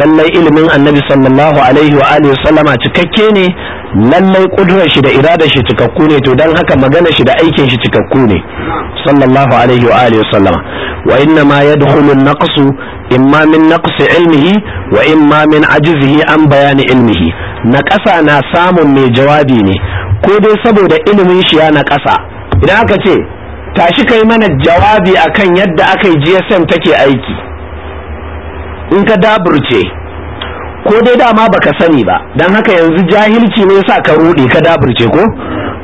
lallai ilimin annabi sallallahu alaihi wa alihi sallama cikakke ne lallai kudurar shi da iradar shi cikakku ne to dan haka maganar shi da aikin shi cikakku ne sallallahu alaihi wa alihi sallama wa inna ma yadkhulu an imma min naqs ilmihi wa imma min ajzihi an bayani ilmihi na kasa na samun mai jawabi ne ko dai saboda ilimin shi ya na idan aka ce tashi kai mana jawabi akan yadda aka yi gsm take aiki in ka daburce ko dai dama baka sani ba don haka yanzu jahilci ne sa ka rude ka daburce ko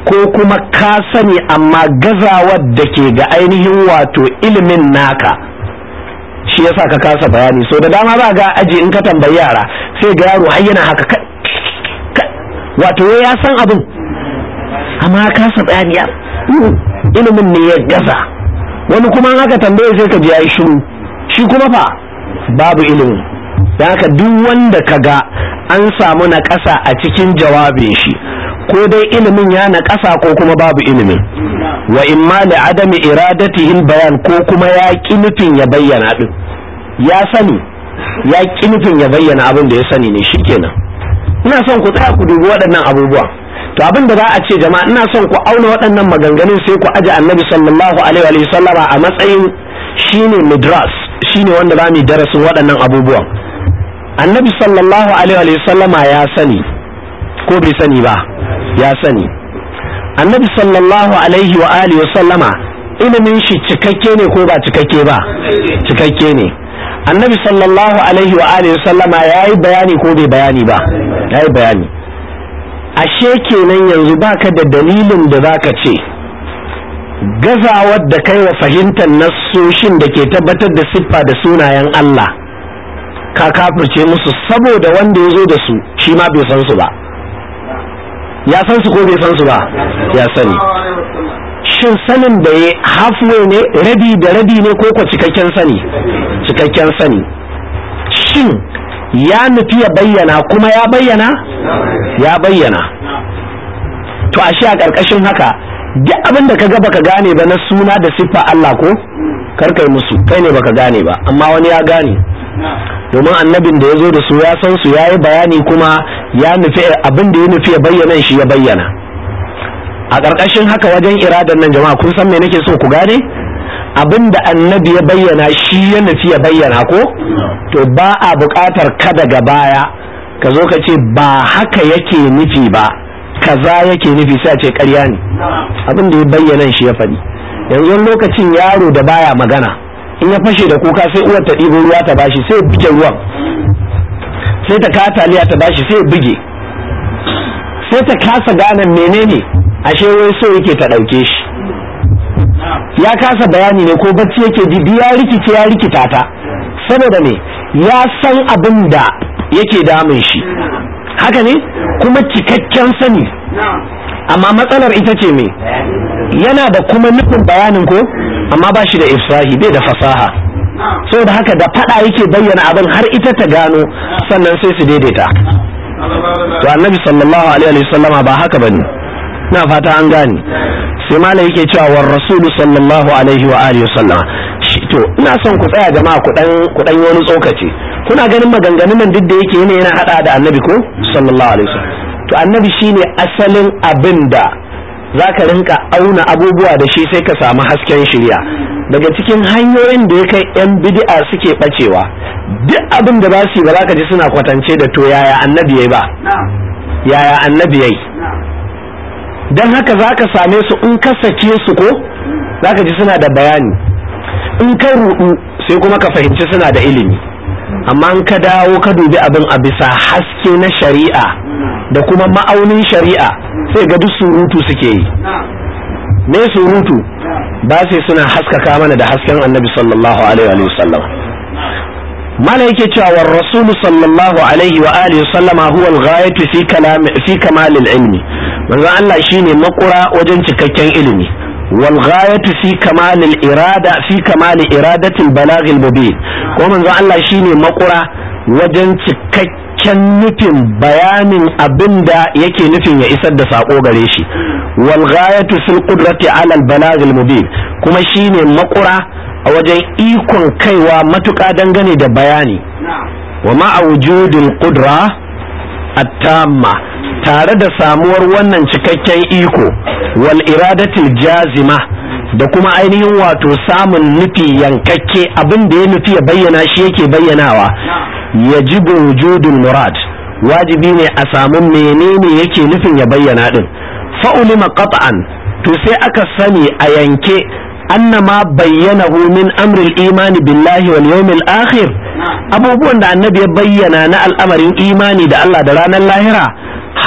ko kuma ka sani amma gazawar da ke ga ainihin wato ilimin naka shi yasa ka kasa bayani so da dama ba ga aji in ka tambayi yara sai ga yaro har yana haka wato ya san abin amma kasa bayani ya ilimin ne ya gaza wani kuma haka aka tambaye sai ka ji yi shiru shi kuma fa babu ilimi da haka duk wanda ka ga an samu na ƙasa a cikin jawabin shi ko dai ilimin ya na ƙasa ko kuma babu ilimin wa ma li adami iradatihil bayan ko kuma ya ƙi ya bayyana din ya sani ya ƙi nufin ya bayyana abin da ya sani ne shikenan ina son ku tsaya ku dubi waɗannan abubuwa to abin da za a ce jama'a ina son ku auna waɗannan maganganun sai ku aje annabi sallallahu alaihi wa sallama a matsayin shine midras shine wanda za mu darasin waɗannan abubuwan annabi sallallahu alaihi wa sallama ya sani ko bai sani ba ya sani annabi sallallahu alaihi wa alihi wa sallama ilimin shi cikakke ne ko ba cikakke ba cikakke ne annabi sallallahu alaihi wa alihi wa sallama yayi bayani ko bai bayani ba yayi bayani ashe kenan yanzu baka da dalilin da zaka ce gazawar da kai wa fahimtar nasoshin da ke tabbatar da siffa da sunayen Allah ka kafirce musu saboda wanda ya zo da su shi ma bai san su ba ya san su ko bai san su ba ya sani shin sanin da ya hafi ne rabi da rabi ne ko ko cikakken sani cikakken sani shin ya nufi ya bayyana kuma ya bayyana ya bayyana to a shi a ƙarƙashin haka duk abin da ka ga ka gane ba na suna da siffa Allah ko karkai musu kai ne baka gane ba amma wani ya gane domin annabin da ya zo da su ya san su ya yi bayani kuma ya nufi abin da ya nufi ya bayyana shi ya bayyana a ƙarƙashin haka wajen iradar nan jama'a kun san me nake so ku gane abin da annabi ya bayyana shi ya nufi ya bayyana ko to ba a buƙatar ka daga baya ka zo ka ce ba haka yake nufi ba kaza yake nufi sa ce karya ne abin da ya bayyana shi ya faɗi yanzu lokacin yaro da baya magana in ya fashe da kuka sai uwar ta ɗibo ruwa ta bashi sai buge ruwan sai ta taliya ta bashi sai buge sai ta kasa gane menene ashe wai so yake ta ɗauke shi ya kasa bayani ne ko bacci yake bibi ya rikice ya rikita ta saboda ne ya san abin da yake damun shi haka ne kuma cikakken sani amma matsalar ita ce me yana da kuma nufin bayanin ko amma ba shi da ifsahi bai da fasaha saboda haka da fada yake bayyana abin har ita ta gano sannan sai su daidaita to annabi sallallahu alaihi wasallama ba haka bane na fata an gane sai mala yake cewa war rasulu sallallahu alaihi wa alihi sallama to ina son ku tsaya jama'a ku dan ku dan wani tsokaci kuna ganin maganganun nan duk da yake yana yana hada da annabi ko sallallahu alaihi wasallam to annabi shine asalin abinda zaka rinka auna abubuwa da shi sai ka samu hasken shirya daga cikin hanyoyin da ya kai yan bid'a suke bacewa duk abin da ba su yi ba za ji suna kwatance da to yaya annabi yayi ba yaya annabi yayi don haka za ka same su in ka sake su ko za ka ji suna da bayani in ka rudu sai kuma ka fahimci suna da ilimi amma in ka dawo ka dubi abin a bisa haske na shari'a da kuma ma'aunin shari'a sai ga duk surutu suke yi me surutu ba sai suna haskaka mana da hasken annabi sallallahu alaihi wa sallam mala yake cewa rasulu sallallahu alaihi wa alihi sallama huwa al-ghayatu fi kalam fi kamal ilmi manzo Allah shine makura wajen cikakken ilimi wal ghayatu fi kamal irada fi kamal iradati al-balagh al-mubin ko manzo Allah shine makura wajen cikakken nufin bayanin abinda yake nufin ya isar da sako gare shi wal ghayatu fil qudrati ala al-balagh al-mubin kuma shine makura a wajen ikon kaiwa matuƙa dangane da bayani wa ma'a wujudin ƙudura, a tamma tare da samuwar wannan cikakken iko wal iradatil jazima da kuma ainihin wato samun nufi yankakke abin da ya nufi ya bayyana shi yake bayyanawa ya yajibu wujudin murad wajibi ne a samu menene yake nufin ya bayyana din fa'ulima qat'an to sai aka sani a yanke annama bayyana bayyanahu min amril imani billahi wal yawmil akhir abubuwan da annabi ya bayyana na al'amarin imani da Allah da ranar lahira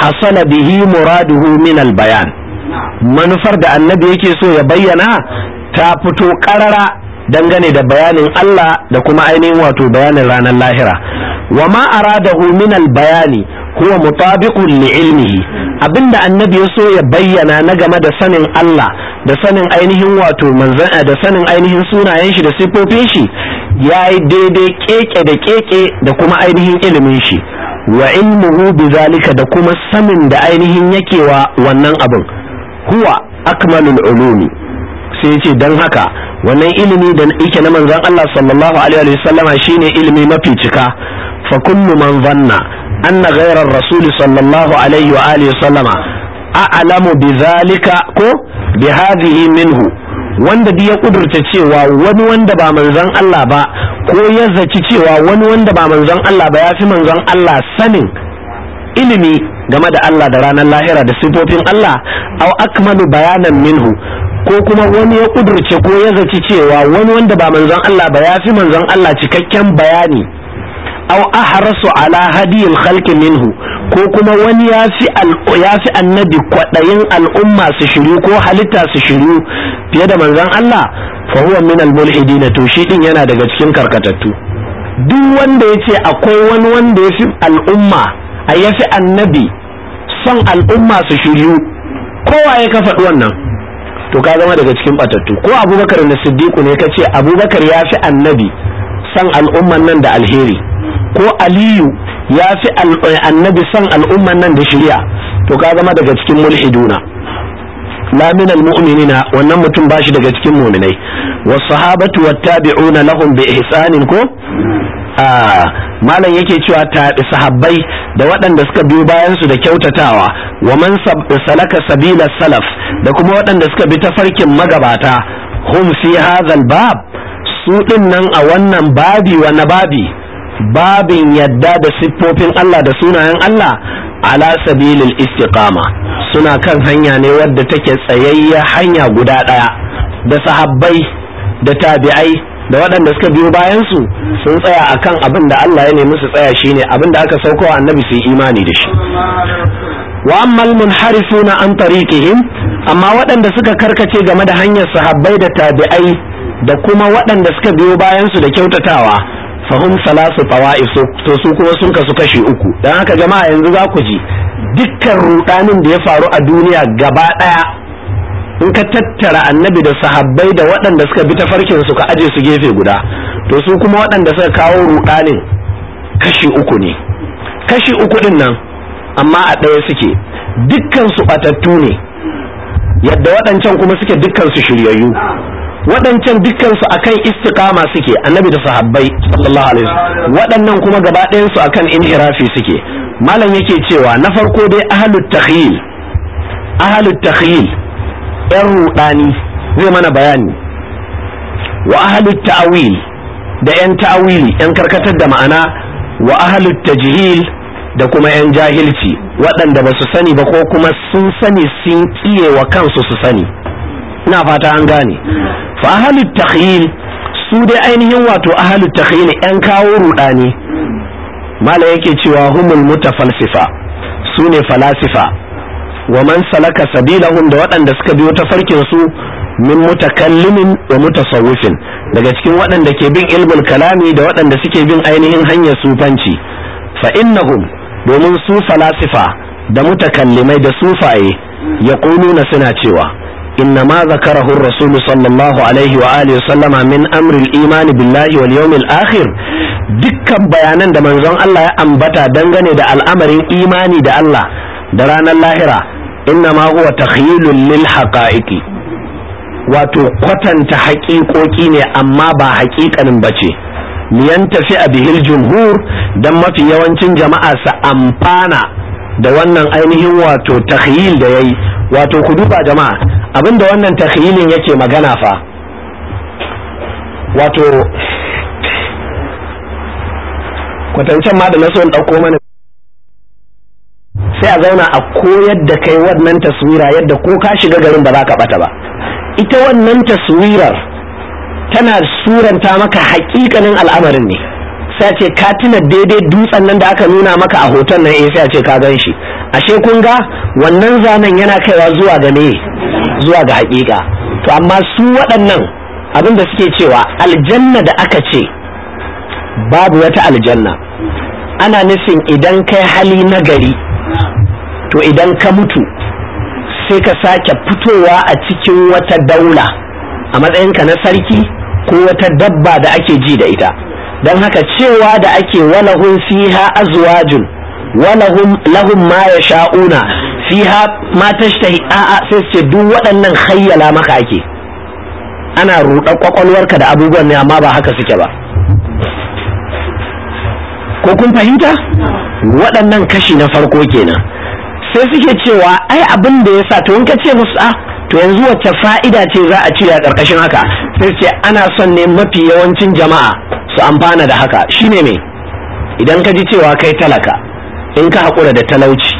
hasala bihi muraduhu min al bayan manufar da annabi yake so ya bayyana ta fito karara dangane da bayanin Allah da kuma ainihin wato bayanin ranar lahira wa ma aradahu min al bayani huwa mutabiqun li ilmihi abinda annabi ya so ya bayyana na game da sanin Allah da sanin ainihin wato manzan eh, da sanin ainihin sunayen shi da sifofin shi yayi daidai keke da keke da kuma ainihin ilimin shi wa ilmuhu zalika da kuma sanin da ainihin yake wa wannan abin huwa akmalul ulumi sai ce don haka wannan ilimi da yake na manzon Allah sallallahu alaihi shine ilimi mafi cika fa kullu man zanna anna ghayra ar-rasul sallallahu alaihi wa alihi wasallama a'lamu bidhalika ko bi minhu wanda duk ya kudurta cewa wani wanda ba manzon Allah ba ko ya zaci cewa wani wanda ba manzon Allah ba ya fi manzon Allah sanin ilimi game da Allah da ranar lahira da sifofin Allah aw akmalu bayanan minhu ko kuma wani ya kudurce ko ya zaci cewa wani wanda ba manzon Allah ba ya fi manzon Allah cikakken bayani aw ahrasu ala hadiyil khalqi minhu ko kuma wani ya fi ya fi annabi kwadayin al'umma su shiru ko halitta su shiru fiye da manzon Allah fa huwa min al mulhidina to shi din yana daga cikin karkatattu duk wanda yace akwai wani wanda ya fi al'umma a ya fi annabi son al'umma su shiru kowa ya kafa wannan to ka zama daga cikin batattu ko abubakar na siddiqu ne kace abubakar ya fi annabi san al'umman nan da alheri ko aliyu ya fi eh, annabi san al'umman nan da shirya to ka zama daga cikin mulhiduna la min almu'minina wannan mutum ba shi daga cikin mu'minai was sahabatu wa tabi'una lahum bi ihsanin ko malam yake cewa ta sahabbai da waɗanda suka biyo bayan su da kyautatawa wa man salaka sabila salaf da kuma waɗanda suka bi tafarkin magabata hum fi hadhal bab su din nan a wannan babi wa na babi babin yadda da siffofin Allah da sunayen Allah ala sabilil istiqama suna kan hanya ne wadda take tsayayya hanya guda ɗaya da sahabbai da tabi'ai da waɗanda suka biyo bayan su sun tsaya akan abin da Allah ya nemi su tsaya shine abin da aka wa annabi su yi imani da shi wa ammal munharifuna an tariqihim amma waɗanda suka karkace game da hanyar sahabbai da tabi'ai da kuma waɗanda suka biyo bayan su da kyautatawa fahum salasu tawa'if to su kuma sun kasu kashi uku dan haka jama'a yanzu za ku ji dukkan rudanin da ya faru a duniya gaba daya in ka tattara annabi da sahabbai da waɗanda suka bi tafarkin su ka aje su gefe guda to su kuma waɗanda suka kawo ruɗanin kashi uku ne kashi uku ɗin nan amma a ɗaya suke dukkan su batattu ne yadda waɗancan kuma suke dukkan su shiryayyu waɗancan dukkansu akan istiqama suke annabi da sahabbai sallallahu alaihi wasallam waɗannan kuma gaba ɗayan su akan inhirafi suke malam yake cewa na farko dai ahlut takhyil ahlut takhyil Yan ruɗani zai mana bayani wa ahlut ta'wil da yan ta'wili yan karkatar da ma'ana wa ahlut tajhil da kuma yan jahilci waɗanda ba su sani ba ko kuma sun sani sun kiye wa kansu su sani ina fata an gane fa ahlut takhil su dai ainihin wato ahalu takhil yan kawo ruɗani mala yake cewa humul mutafalsifa su ne falasifa wa man salaka sabilahum da waɗanda suka biyo ta farkin su min mutakallimin wa mutasawwifin daga cikin waɗanda ke bin ilmul kalami da waɗanda suke bin ainihin hanyar sufanci fa innahum domin su falasifa da mutakallimai da sufaye yaquluna suna cewa inna ma zakarahu ar sallallahu alaihi wa alihi sallama min amri al-iman billahi wal yawmil akhir dukkan bayanan da manzon Allah ya ambata dangane da al'amarin imani da Allah da ranar lahira inna ma huwa takhyilun lil haqa'iqi wato kwatanta haƙiƙoƙi ne amma ba haƙiƙanin bace liyan tafi a bihil jumhur dan mafi yawancin jama'a su amfana da wannan ainihin wato takhyil da yayi wato ku duba jama'a abinda wannan takhyilin yake magana fa wato kwatancen ma da na son ɗauko mana sai a zauna a koyar da kai wannan taswira yadda ko ka shiga garin ba za ka bata ba ita wannan taswirar tana suranta maka hakikanin al'amarin ne sai ce ka tuna daidai dutsen nan da aka nuna maka a hoton nan eh, sai sai ce ka gan shi ashe kun ga wannan zanen yana kaiwa zuwa ga me zuwa ga hakika to amma su waɗannan abin da suke cewa aljanna da aka ce babu wata aljanna ana nufin idan kai hali na gari to idan ka mutu sai ka sake fitowa a cikin wata daula a matsayinka na sarki ko wata dabba da ake ji da ita don haka cewa da ake walahun fiha azwajun walahun lahum ma sha'una, fiha ma ta a'a sai ce duk waɗannan hayyala maka ake ana ruɗa kwakwalwarka da abubuwan ne amma ba haka suke ba ko kun fahimta waɗannan kashi na farko kenan sai suke cewa ai abin da ya sa to in ka ce musu a ah, to yanzu wacce fa'ida ce za a ci a ƙarƙashin haka sai ce ana son ne mafi yawancin jama'a su amfana da haka shine me idan ka ji cewa kai talaka in ka haƙura da talauci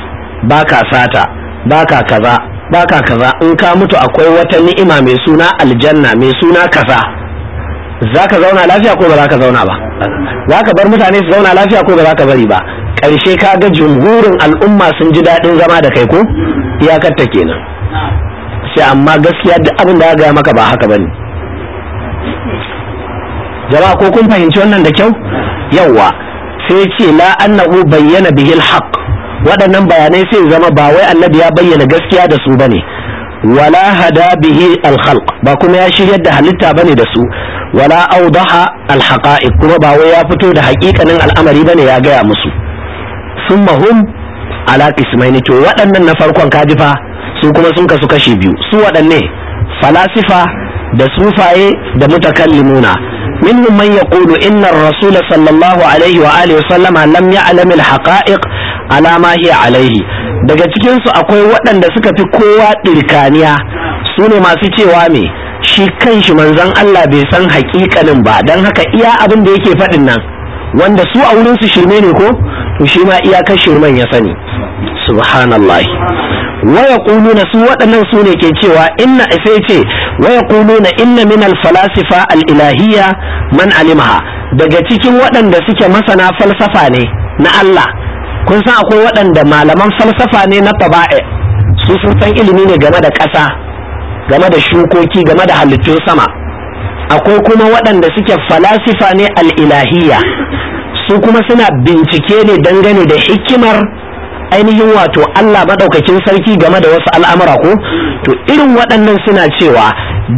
ba ka sata ba ka kaza ba ka kaza in ka mutu akwai wata ni'ima mai suna aljanna mai suna kaza za ka zauna lafiya ko ba za ka zauna ba za ka bar mutane su zauna lafiya ko ba za ka bari ba ƙarshe ka ga jumhurin al'umma sun ji daɗin zama da kai ko iyakar ta kenan sai amma gaskiya duk abin da gaya maka ba haka bane jama'a ko kun fahimci wannan da kyau yawwa sai ce la bayyana bihil haqq waɗannan bayanai sai zama ba wai annabi ya bayyana gaskiya da su bane wala hada bihi al ba kuma ya shiryar da halitta bane da su wala awdaha al kuma ba wai ya fito da haƙiƙanin al'amari bane ya gaya musu summa mahum ala ne. to waɗannan na farkon kajifa su kuma sun kasu kashe biyu su waɗanne falasifa da sufaye da mutakallimuna minhum man yaqulu inna ar-rasul sallallahu alaihi wa alihi wa sallama lam ya'lam al-haqa'iq ala ma hiya alaihi daga cikin su akwai waɗanda suka fi kowa ɗirkaniya su ne masu cewa me shi kan kanshi manzon Allah bai san hakikanin ba don haka iya abin da yake faɗin nan wanda su a wurinsu shirme ne ko to shi ma iyakar shirman ya sani subhanallah waya kuluna su waɗannan su ne ke cewa inna sai ce waya kuluna inna min falasifa al-ilahiyya man alimaha daga cikin waɗanda suke masana falsafa ne na Allah kun san akwai waɗanda malaman falsafa ne na taba'i su sun san ilimi ne game da ƙasa game da shukoki game da halittun sama akwai kuma waɗanda suke falasifa ne al'ilahiyya su kuma suna bincike ne dangane da hikimar ainihin wato Allah maɗaukakin sarki game da wasu al'amura ko to irin waɗannan suna cewa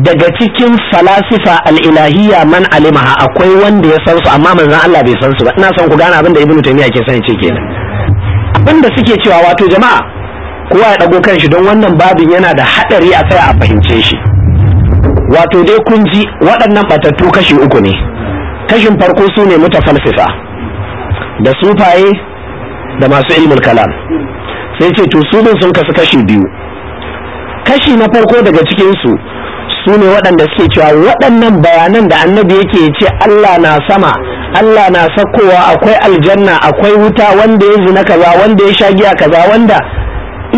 daga cikin falasifa al'ilahiyya man alimaha akwai wanda ya san su amma manzan Allah bai san su ba ina son ku gane abin da ibnu taymiya ke son ce kenan abin da suke cewa wato jama'a kowa ya ɗago kan shi don wannan babin yana da haɗari a tsaya a fahimce shi wato dai kun ji waɗannan ɓatattu kashi uku ne kashin farko su ne falsifa da sufaye da masu ilmul kalam sai ce to su sun kasu kashi biyu kashi na farko daga cikinsu su ne waɗanda suke cewa waɗannan bayanan da annabi yake ce Allah na sama Allah na sakowa akwai aljanna akwai wuta wanda ya zina kaza wanda ya sha giya kaza wanda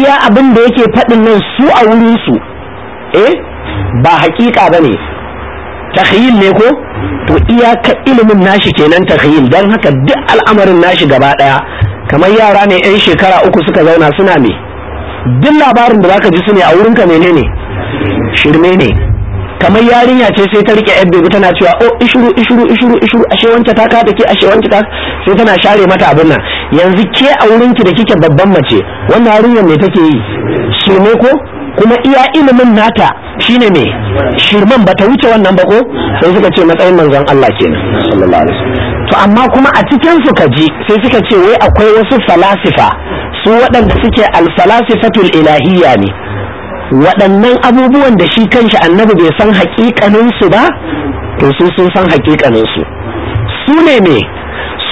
iya abin da yake faɗin nan su a wurin su eh ba hakika bane takhayil ne ko to iya ka ilimin nashi kenan takhayil dan haka duk al'amarin nashi gaba daya kamar yara ne yan shekara uku suka zauna suna me duk labarin da zaka ji su ne a wurinka menene shirme ne kamar yarinya ce sai ta rike yar bebi tana cewa oh ishuru ishuru ishuru ishuru ashe wance ta ka take ashe wance ta sai tana share mata abin nan yanzu ke a wurinki da kike babban mace wannan yarinyar ne take yi ne ko kuma iya ilimin nata shine me shirman ta wuce wannan ba ko sai suka ce matsayin manzon Allah kenan sallallahu alaihi wasallam to amma kuma a cikin su kaji sai suka ce wai akwai wasu falasifa su waɗanda suke alfalasifatul ilahiyya ne waɗannan abubuwan da shi kanshi annabi bai san su ba to su sun san haƙiƙaninsu su ne me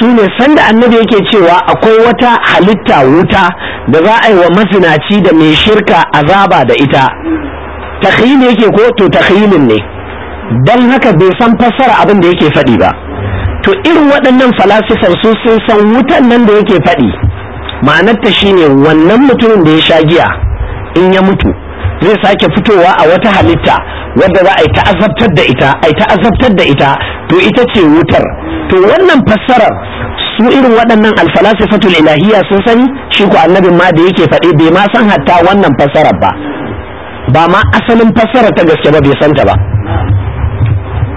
sune sanda annabi yake cewa akwai wata halitta wuta da za a yi wa mazinaci da mai shirka azaba da ita takhayil yake ko to takhayilin ne dan haka bai san fassara abin da yake faɗi ba to irin waɗannan falasifar su sun san wutan nan da yake faɗi ta shine wannan mutumin da ya sha giya in ya mutu zai sake fitowa a wata halitta wadda za a yi ta'azabtar da ita a yi ta'azabtar da ita to ita ce wutar to wannan fassarar su irin waɗannan alfalasifatul ilahiya sun sani shi ku annabin ma da yake faɗi bai ma san hatta wannan fassarar ba ba ma asalin fassarar ta gaske ba bai santa ba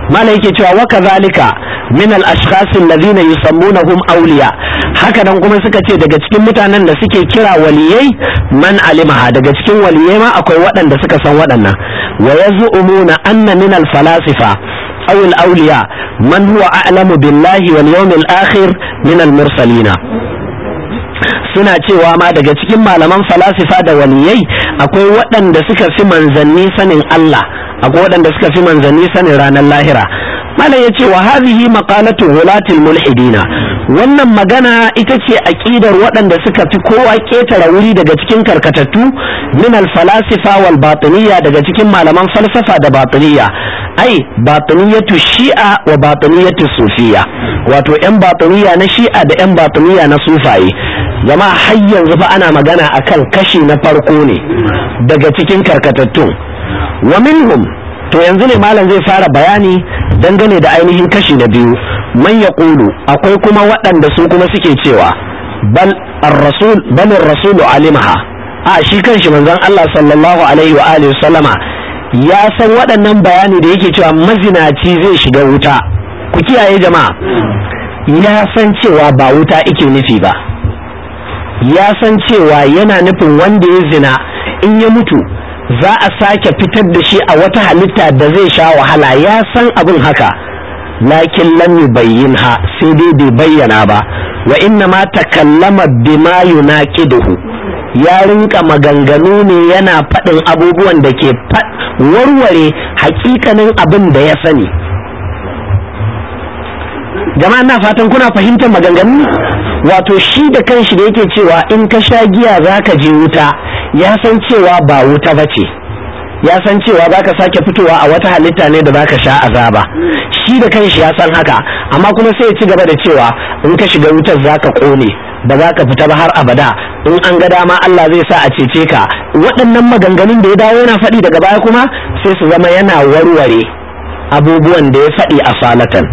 mala yake cewa wa kadhalika min al ashkhas alladhina yusammunahum awliya haka nan kuma suka ce daga cikin mutanen da suke kira waliyai man alimaha daga cikin waliyai ma akwai waɗanda suka san waɗannan wa yaz'umuna anna min al falasifa aw al awliya man huwa a'lamu billahi wal yawmil akhir min al mursalina suna cewa ma daga cikin malaman falasifa da waliyai akwai waɗanda suka fi manzanni sanin Allah akwai waɗanda suka fi manzanni sanin ranar lahira malai ya ce wa hazihi maqalatu hulatil mulhidina wannan magana ita ce aƙidar waɗanda suka fi kowa ƙetare wuri daga cikin karkatattu min falasifa wal batiniya daga cikin malaman falsafa da batiniya ai batiniyatu shi'a wa batiniyatu sufiya wato yan batiniya na shi'a da yan batiniya na sufaye jama'a har yanzu fa ana magana akan kashi na farko ne daga cikin karkatattun wa minhum to yanzu ne malam zai fara bayani dangane da ainihin kashi na biyu man yaqulu akwai kuma waɗanda su kuma suke cewa bal ar-rasul bal ar-rasul alimaha a shi kanshi manzon Allah sallallahu alaihi wa alihi sallama ya san waɗannan bayani da yake cewa mazinaci zai shiga wuta ku kiyaye jama'a ya san cewa ba wuta ike nufi ba ya san cewa yana nufin wanda ya zina in ya mutu za a sake fitar da shi a wata halitta da zai sha wahala ya san abin haka lakin lam ha, sai dai bai bayyana ba wa inna ma takallama bima yunaqiduhu ya rinka maganganu ne yana faɗin abubuwan da ke warware hakikanin abin da ya sani jama'a na fatan kuna fahimtar maganganu wato shi da kanshi da yake cewa in ka sha giya za ka je wuta ya san cewa ba wuta ba ce ya san cewa zaka ka sake fitowa a wata halitta ne da za ka sha azaba shi da kanshi ya san haka amma kuma sai ya ci gaba da cewa in ka shiga wutar za ka kone ba za ka fita ba har abada in an ga dama Allah zai sa a cece ka waɗannan maganganun da ya dawo yana faɗi daga baya kuma sai su zama yana warware abubuwan da ya faɗi a salatan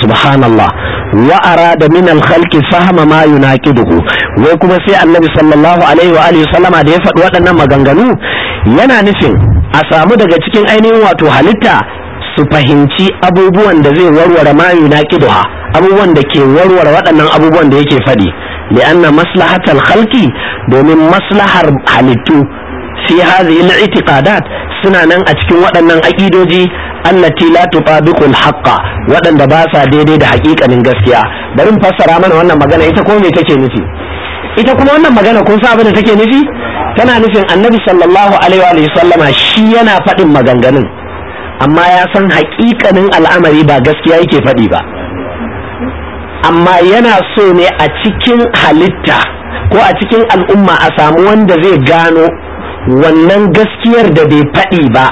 subhanallah wa arada min al-khalqi fahma ma yunaqiduhu wai kuma sai annabi sallallahu alaihi wa alihi sallama da ya faɗi waɗannan maganganu yana nufin a samu daga cikin ainihin wato halitta su fahimci abubuwan da zai warware ma yunaqiduha abubuwan da ke warware waɗannan abubuwan da yake faɗi li'anna maslahatal khalqi domin maslahar halittu fi hadhihi al-i'tiqadat suna nan a cikin waɗannan aqidoji allati la tutabiqu haqqa waɗanda ba sa daidai da haƙiƙanin gaskiya bari mu fassara mana wannan magana ita ko me take nufi ita kuma wannan magana kun sa abin da take nufi tana nufin annabi sallallahu alaihi wa sallama shi yana faɗin maganganun amma ya san haƙiƙanin al'amari ba gaskiya yake faɗi ba amma yana so ne a cikin halitta ko a cikin al'umma a samu wanda zai gano wannan gaskiyar da bai faɗi ba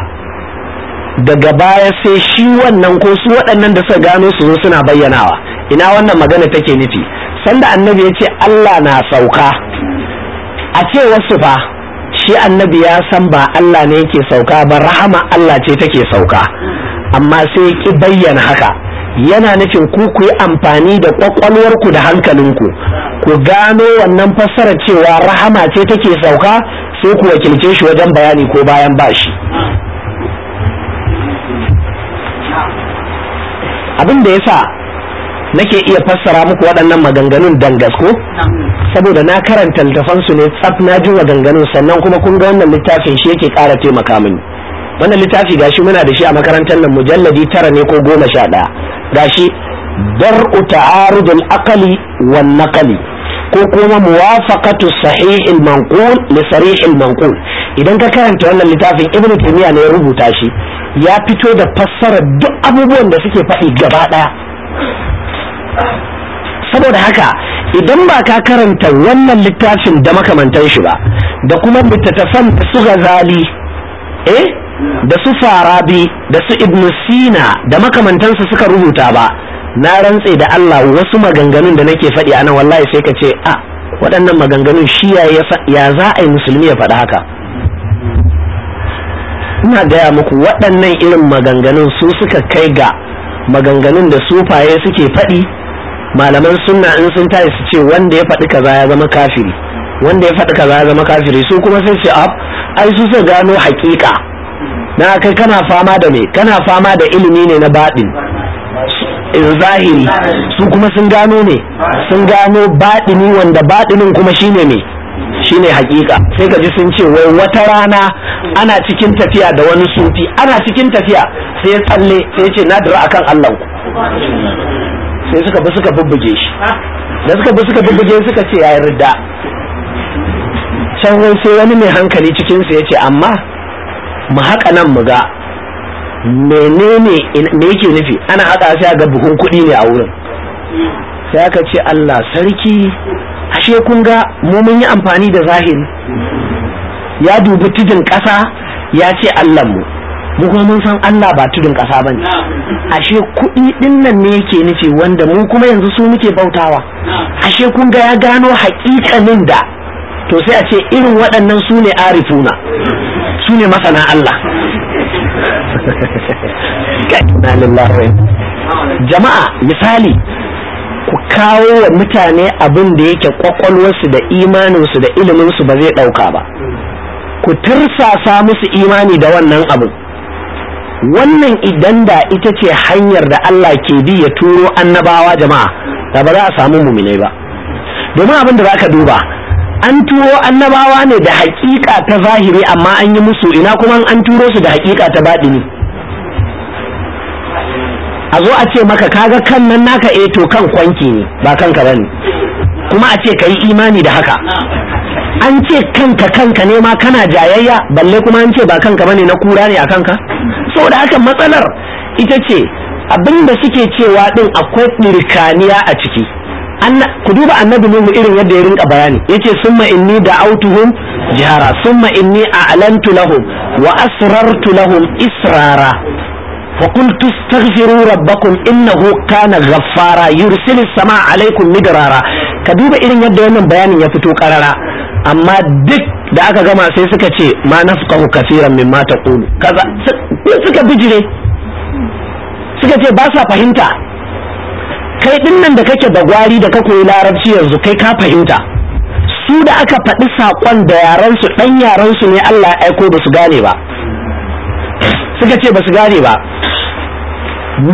daga baya sai shi wannan ko su waɗannan da suka gano su zo suna bayyanawa ina wannan magana take nufi sanda annabi ya ce Allah na sauka a ce wasu fa shi annabi ya san ba Allah ne yake sauka ba rahama Allah ce take sauka amma sai ki bayyana haka yana nufin ku ku yi amfani da kwakwalwarku da hankalinku ku gano wannan fassara cewa rahama ce take sauka sai ku wakilce shi wajen bayani ko bayan bashi abin da yasa nake iya fassara muku waɗannan maganganun dangasko saboda na karanta littafansu ne tsaf na ji maganganun sannan kuma kun ga wannan littafin shi yake ƙara taimaka mini wannan littafi gashi muna da shi a makarantar nan mujalladi tara ne ko goma sha ɗaya gashi dar'u ta'arudul aqli wan naqali ko kuma muwafaqatu sahihil manqul li sarihil manqul idan ka karanta wannan littafin ibnu taymiya ne ya rubuta shi ya fito da fassara duk abubuwan da suke faɗi gaba ɗaya saboda haka idan ba ka karanta wannan littafin da makamantan shi ba da kuma littattafan da su gazali eh da su farabi da su ibn sina da makamantansu suka rubuta ba na rantse da Allah wasu maganganun da nake faɗi anan wallahi sai ka ce a ah, waɗannan maganganun shi ya za a yi musulmi ya faɗi haka ina gaya muku waɗannan irin maganganun su suka kai ga maganganun da sufaye suke faɗi malaman sunna in sun tayi su ce wanda ya faɗi kaza ya zama kafiri wanda ya faɗi kaza ya zama kafiri su kuma sai su ah, ai su gano haƙiƙa na kai kana fama da me kana fama da ilimi ne na baɗin zahiri su kuma sun gano ne sun gano baɗini wanda baɗinin kuma shine ne shine hakika sai ka ji sun ce wai wata rana ana cikin tafiya da wani sufi ana cikin tafiya sai ya tsalle sai ya ce na dira akan Allah ku. sai suka bi suka bubbuge shi da suka bi suka bubbuge suka ce ya yarda can wai sai wani mai hankali cikin su ya ce amma mu haka nan mu ga menene me yake nufi ana haka sai ga buhun kuɗi ne a wurin sai aka ce Allah sarki ashe kun ga mu mun yi amfani da zahiri ya dubi tudun ƙasa ya ce Allah mu mu kuma mun san Allah ba tudun ƙasa bane ashe kuɗi ɗin nan ne yake nufi wanda mu kuma yanzu su muke bautawa ashe kun ga ya gano haƙiƙanin da to sai a ce irin waɗannan su ne arifuna su ne masana Allah jama'a misali ku kawo wa mutane abin da yake kwakwalwarsu da imaninsu da iliminsu ba zai ɗauka ba ku tursasa musu imani da wannan abu, wannan idan da ita ce hanyar da Allah ke bi ya turo annabawa jama'a da ba za a samu muminai ba domin abin da za ka duba an turo annabawa ne da haƙiƙa ta zahiri amma an yi musu ina kuma an turo su da haƙiƙa ta baɗini a zo a ce maka kaga kan nan naka eh to kan kwanki ne ba kanka bane kuma a ce ka yi imani da haka an ce kanka kanka ne ma kana jayayya balle kuma an ce ba kanka bane na kura ne a kanka saboda haka matsalar ita ce abinda suke cewa din akwai ɗirkaniya a ciki ku duba annabi nuhu irin yadda ya rinka bayani yace summa inni da'autuhum jihara summa inni a'lantu lahum wa asrartu lahum israra fa qultu astaghfiru rabbakum innahu kana ghaffara yursilu sama alaikum midrara ka duba irin yadda wannan bayanin ya fito karara amma duk da aka gama sai suka ce ma nafqahu kaseeran mimma taqulu kaza suka bijire suka ce ba sa fahimta kai din nan da kake da gwari da ka koyi larabci yanzu kai ka fahimta su da aka faɗi saƙon da yaran su ɗan yaran su ne Allah ya aiko ba su gane ba suka ce ba su gane ba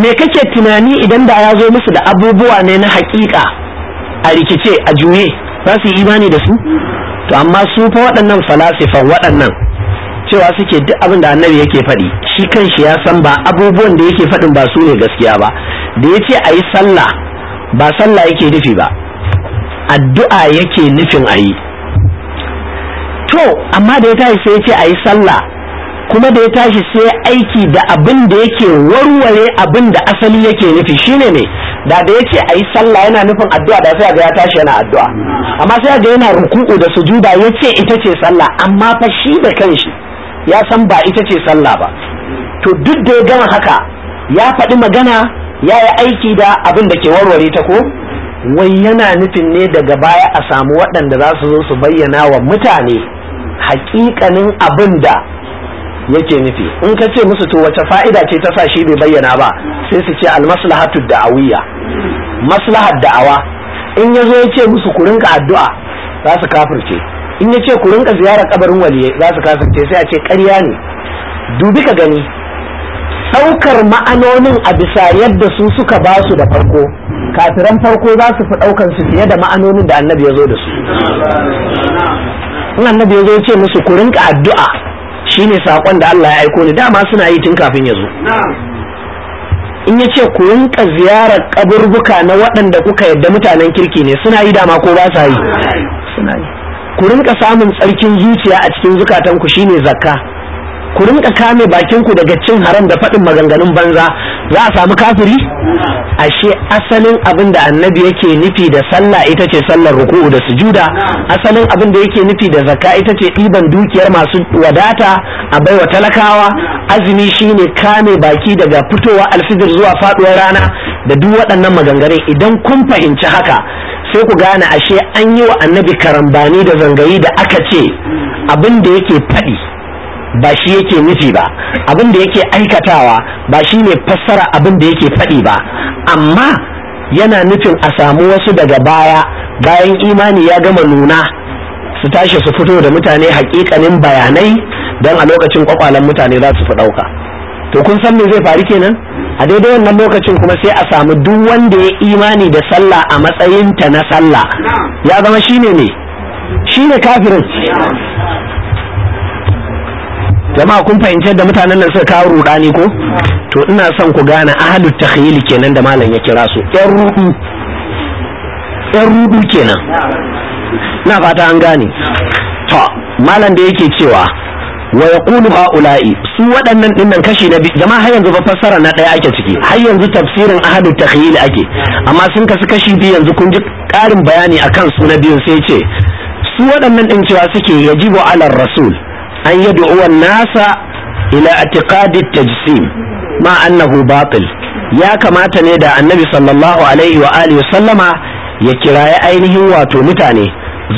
me kake tunani idan da ya zo musu da abubuwa ne na haƙiƙa a rikice a juye za su yi imani da su to amma su fa waɗannan falasifan waɗannan cewa suke duk abin da annabi yake faɗi shi kan shi ya san ba abubuwan da yake faɗin ba su ne gaskiya ba da ya ce a yi sallah ba sallah yake nufi ba addu'a yake nufin a yi to amma da ya tashi sai ya ce a yi sallah kuma da ya tashi sai aiki da abin da yake warware abin da asali yake nufi shine ne da da ya ce a yi sallah yana nufin addu'a da sai ga ya tashi yana addu'a amma sai ga yana ruku'u da sujuda ya ce ita ce sallah amma fa shi da kanshi ya san ba ita ce sallah ba to duk da ya gama haka ya faɗi magana ya yi aiki da abin da ke warware ta ko wai yana nufin ne daga baya a samu waɗanda za su zo su bayyana wa mutane hakikanin abin da yake nufi in ka ce musu to wace fa'ida ce ta sa shi bai bayyana ba sai su ce almaslahatu da'awiyya maslahar da'awa in yazo ya ce musu ku rinka addu'a za su kafirce in ya ce ku rinka ziyarar kabarin waliye za su kasance sai a ce ƙarya ne dubi ka gani ɗaukar ma'anonin a bisa yadda su suka ba su da farko kafiran farko za su fi ɗaukan su fiye da ma'anonin da annabi ya zo da su in annabi ya zo ya ce musu ku rinka addu'a shine saƙon da Allah ya aiko ni dama suna yi tun kafin ya zo in ya ce ku rinka ziyarar kaburbuka na waɗanda kuka yadda mutanen kirki ne suna yi dama ko ba sa yi suna yi ku rinka samun tsarkin zuciya a cikin zukatanku shine zakka ku rinka kame bakinku daga cin haram da faɗin maganganun banza za a samu kafiri ashe asalin abin da annabi yake nufi da sallah ita ce sallar ruku'u da sujuda asalin abin da yake nufi da zakka ita ce ɗiban dukiyar masu wadata a baiwa talakawa azumi shine kame baki daga fitowa alfijir zuwa faɗuwar rana da duk waɗannan maganganun idan kun fahimci haka sai ku gane ashe an yi wa annabi karambani da zangayi da aka ce abin da yake faɗi ba shi yake nufi ba abin da yake aikatawa ba shi ne fassara abin da yake faɗi ba amma yana nufin a samu wasu daga baya bayan imani ya gama nuna su tashi su fito da mutane hakikanin bayanai don a lokacin kwakwalen mutane za su fi ɗauka to kun san me zai faru kenan a daidai wannan lokacin kuma sai a samu duk wanda ya imani da sallah a matsayinta na sallah ya zama shine ne shine kafirin jama'a kun fahimci da mutanen nan suka kawo rudani ko to ina son ku gane ahlut takhyil kenan da malam ya kira su yan rudu yan rudu kenan ina fata an gane to malam da yake cewa wa yaqulu haula'i su waɗannan ɗinnan kashi na biyu jama'a har yanzu ba fassara na ɗaya ake ciki har yanzu tafsirin ahadu takhyil ake amma sun kasu kashi biyu yanzu kun ji ƙarin bayani akan su na biyu sai ce su waɗannan din cewa suke yajibu ala rasul an yad'u nasa ila i'tiqadi tajsim ma annahu batil ya kamata ne da annabi sallallahu alaihi wa alihi sallama ya kiraye ainihin wato mutane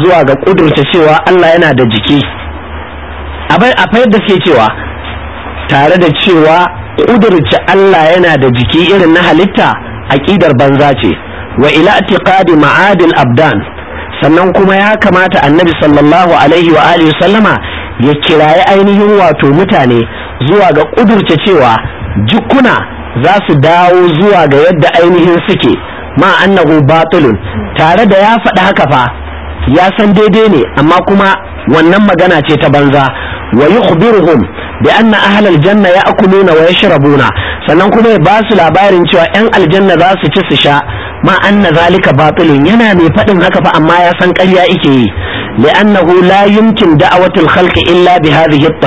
zuwa ga kudurta cewa Allah yana da jiki a fayar da suke cewa tare da cewa ƙudurci Allah yana da jiki irin na halitta aƙidar banza ce wa ila atiqadi ma'adil abdan sannan kuma ya kamata annabi sallallahu alaihi wa alihi sallama ya kiraye ainihin wato mutane zuwa ga ƙudurce cewa jikuna za su dawo zuwa ga yadda ainihin suke ma annahu tare da ya faɗi haka fa ya san daidai ne amma kuma wannan magana ce ta banza wa yukhbiruhum bi anna ahlal janna ya ya'kuluna wa ya yashrabuna sannan kuma ya ba su labarin cewa yan aljanna za su ci su sha ma anna zalika batilun yana mai faɗin haka fa amma ya san ƙarya yake yi li'annahu la yumkin da'awatul khalqi illa bi hadhihi at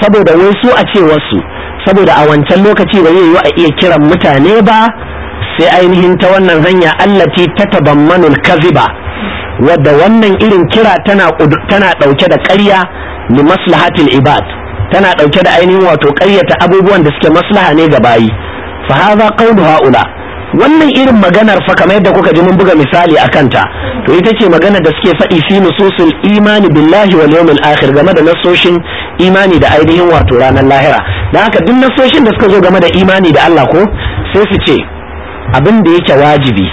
saboda wai su a cewar su saboda a wancan lokaci ba zai yi a iya kiran mutane ba sai ainihin ta wannan hanya allati tatabammanul kaziba wadda wannan irin kira tana ɗauke da ƙarya li maslahatil ibad tana dauke da ainihin wato ƙayyata abubuwan da suke maslaha ne ga bayi fa hadha qawlu haula wannan irin maganar fa kamar yadda kuka ji mun buga misali a kanta to ita ce magana da suke faɗi fi nususul imani billahi wal yawmil akhir game da nasoshin imani da ainihin wato ranar lahira dan haka duk nasoshin da suka zo game da imani da Allah ko sai su ce abin da yake wajibi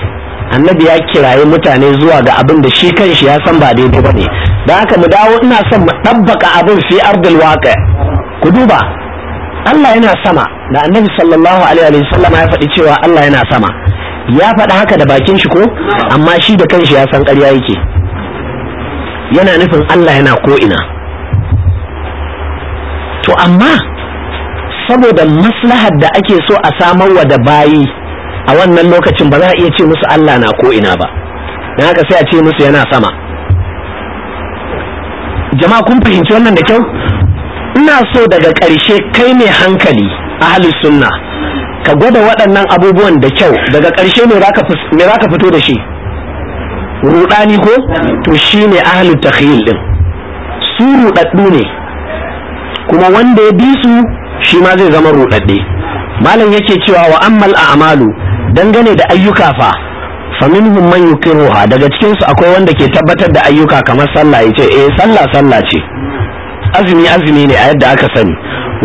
annabi ya kiraye mutane zuwa ga abin da shi kanshi ya san ba daidai ne. da haka mu dawo ina son mu ɗabbaka abin fi ardul waƙa ku duba Allah yana sama da annabi sallallahu alaihi wasallam ya faɗi cewa Allah yana sama ya faɗa haka da bakin shi ko amma shi da kanshi ya san ƙarya yake yana nufin Allah yana ko ina to amma saboda maslahar da ake so a samarwa da bayi a wannan lokacin ba za a iya ce musu Allah na ko ina ba na haka sai a ce musu yana sama jama'a kun fahimci wannan da kyau ina so daga ƙarshe kai mai hankali a halin sunna ka gwada waɗannan abubuwan da kyau daga ƙarshe me za ka fito da shi rudani ko to shi shine ahlu tahil din su ruɗaɗɗu ne kuma wanda ya bi su shi ma zai zama ruɗaɗɗe malam yake cewa wa ammal a'malu dangane da ayyuka fa faminhum man yuqiruha daga cikin su akwai wanda ke tabbatar da ayyuka kamar sallah yace eh sallah sallah ce azumi azumi ne a yadda aka sani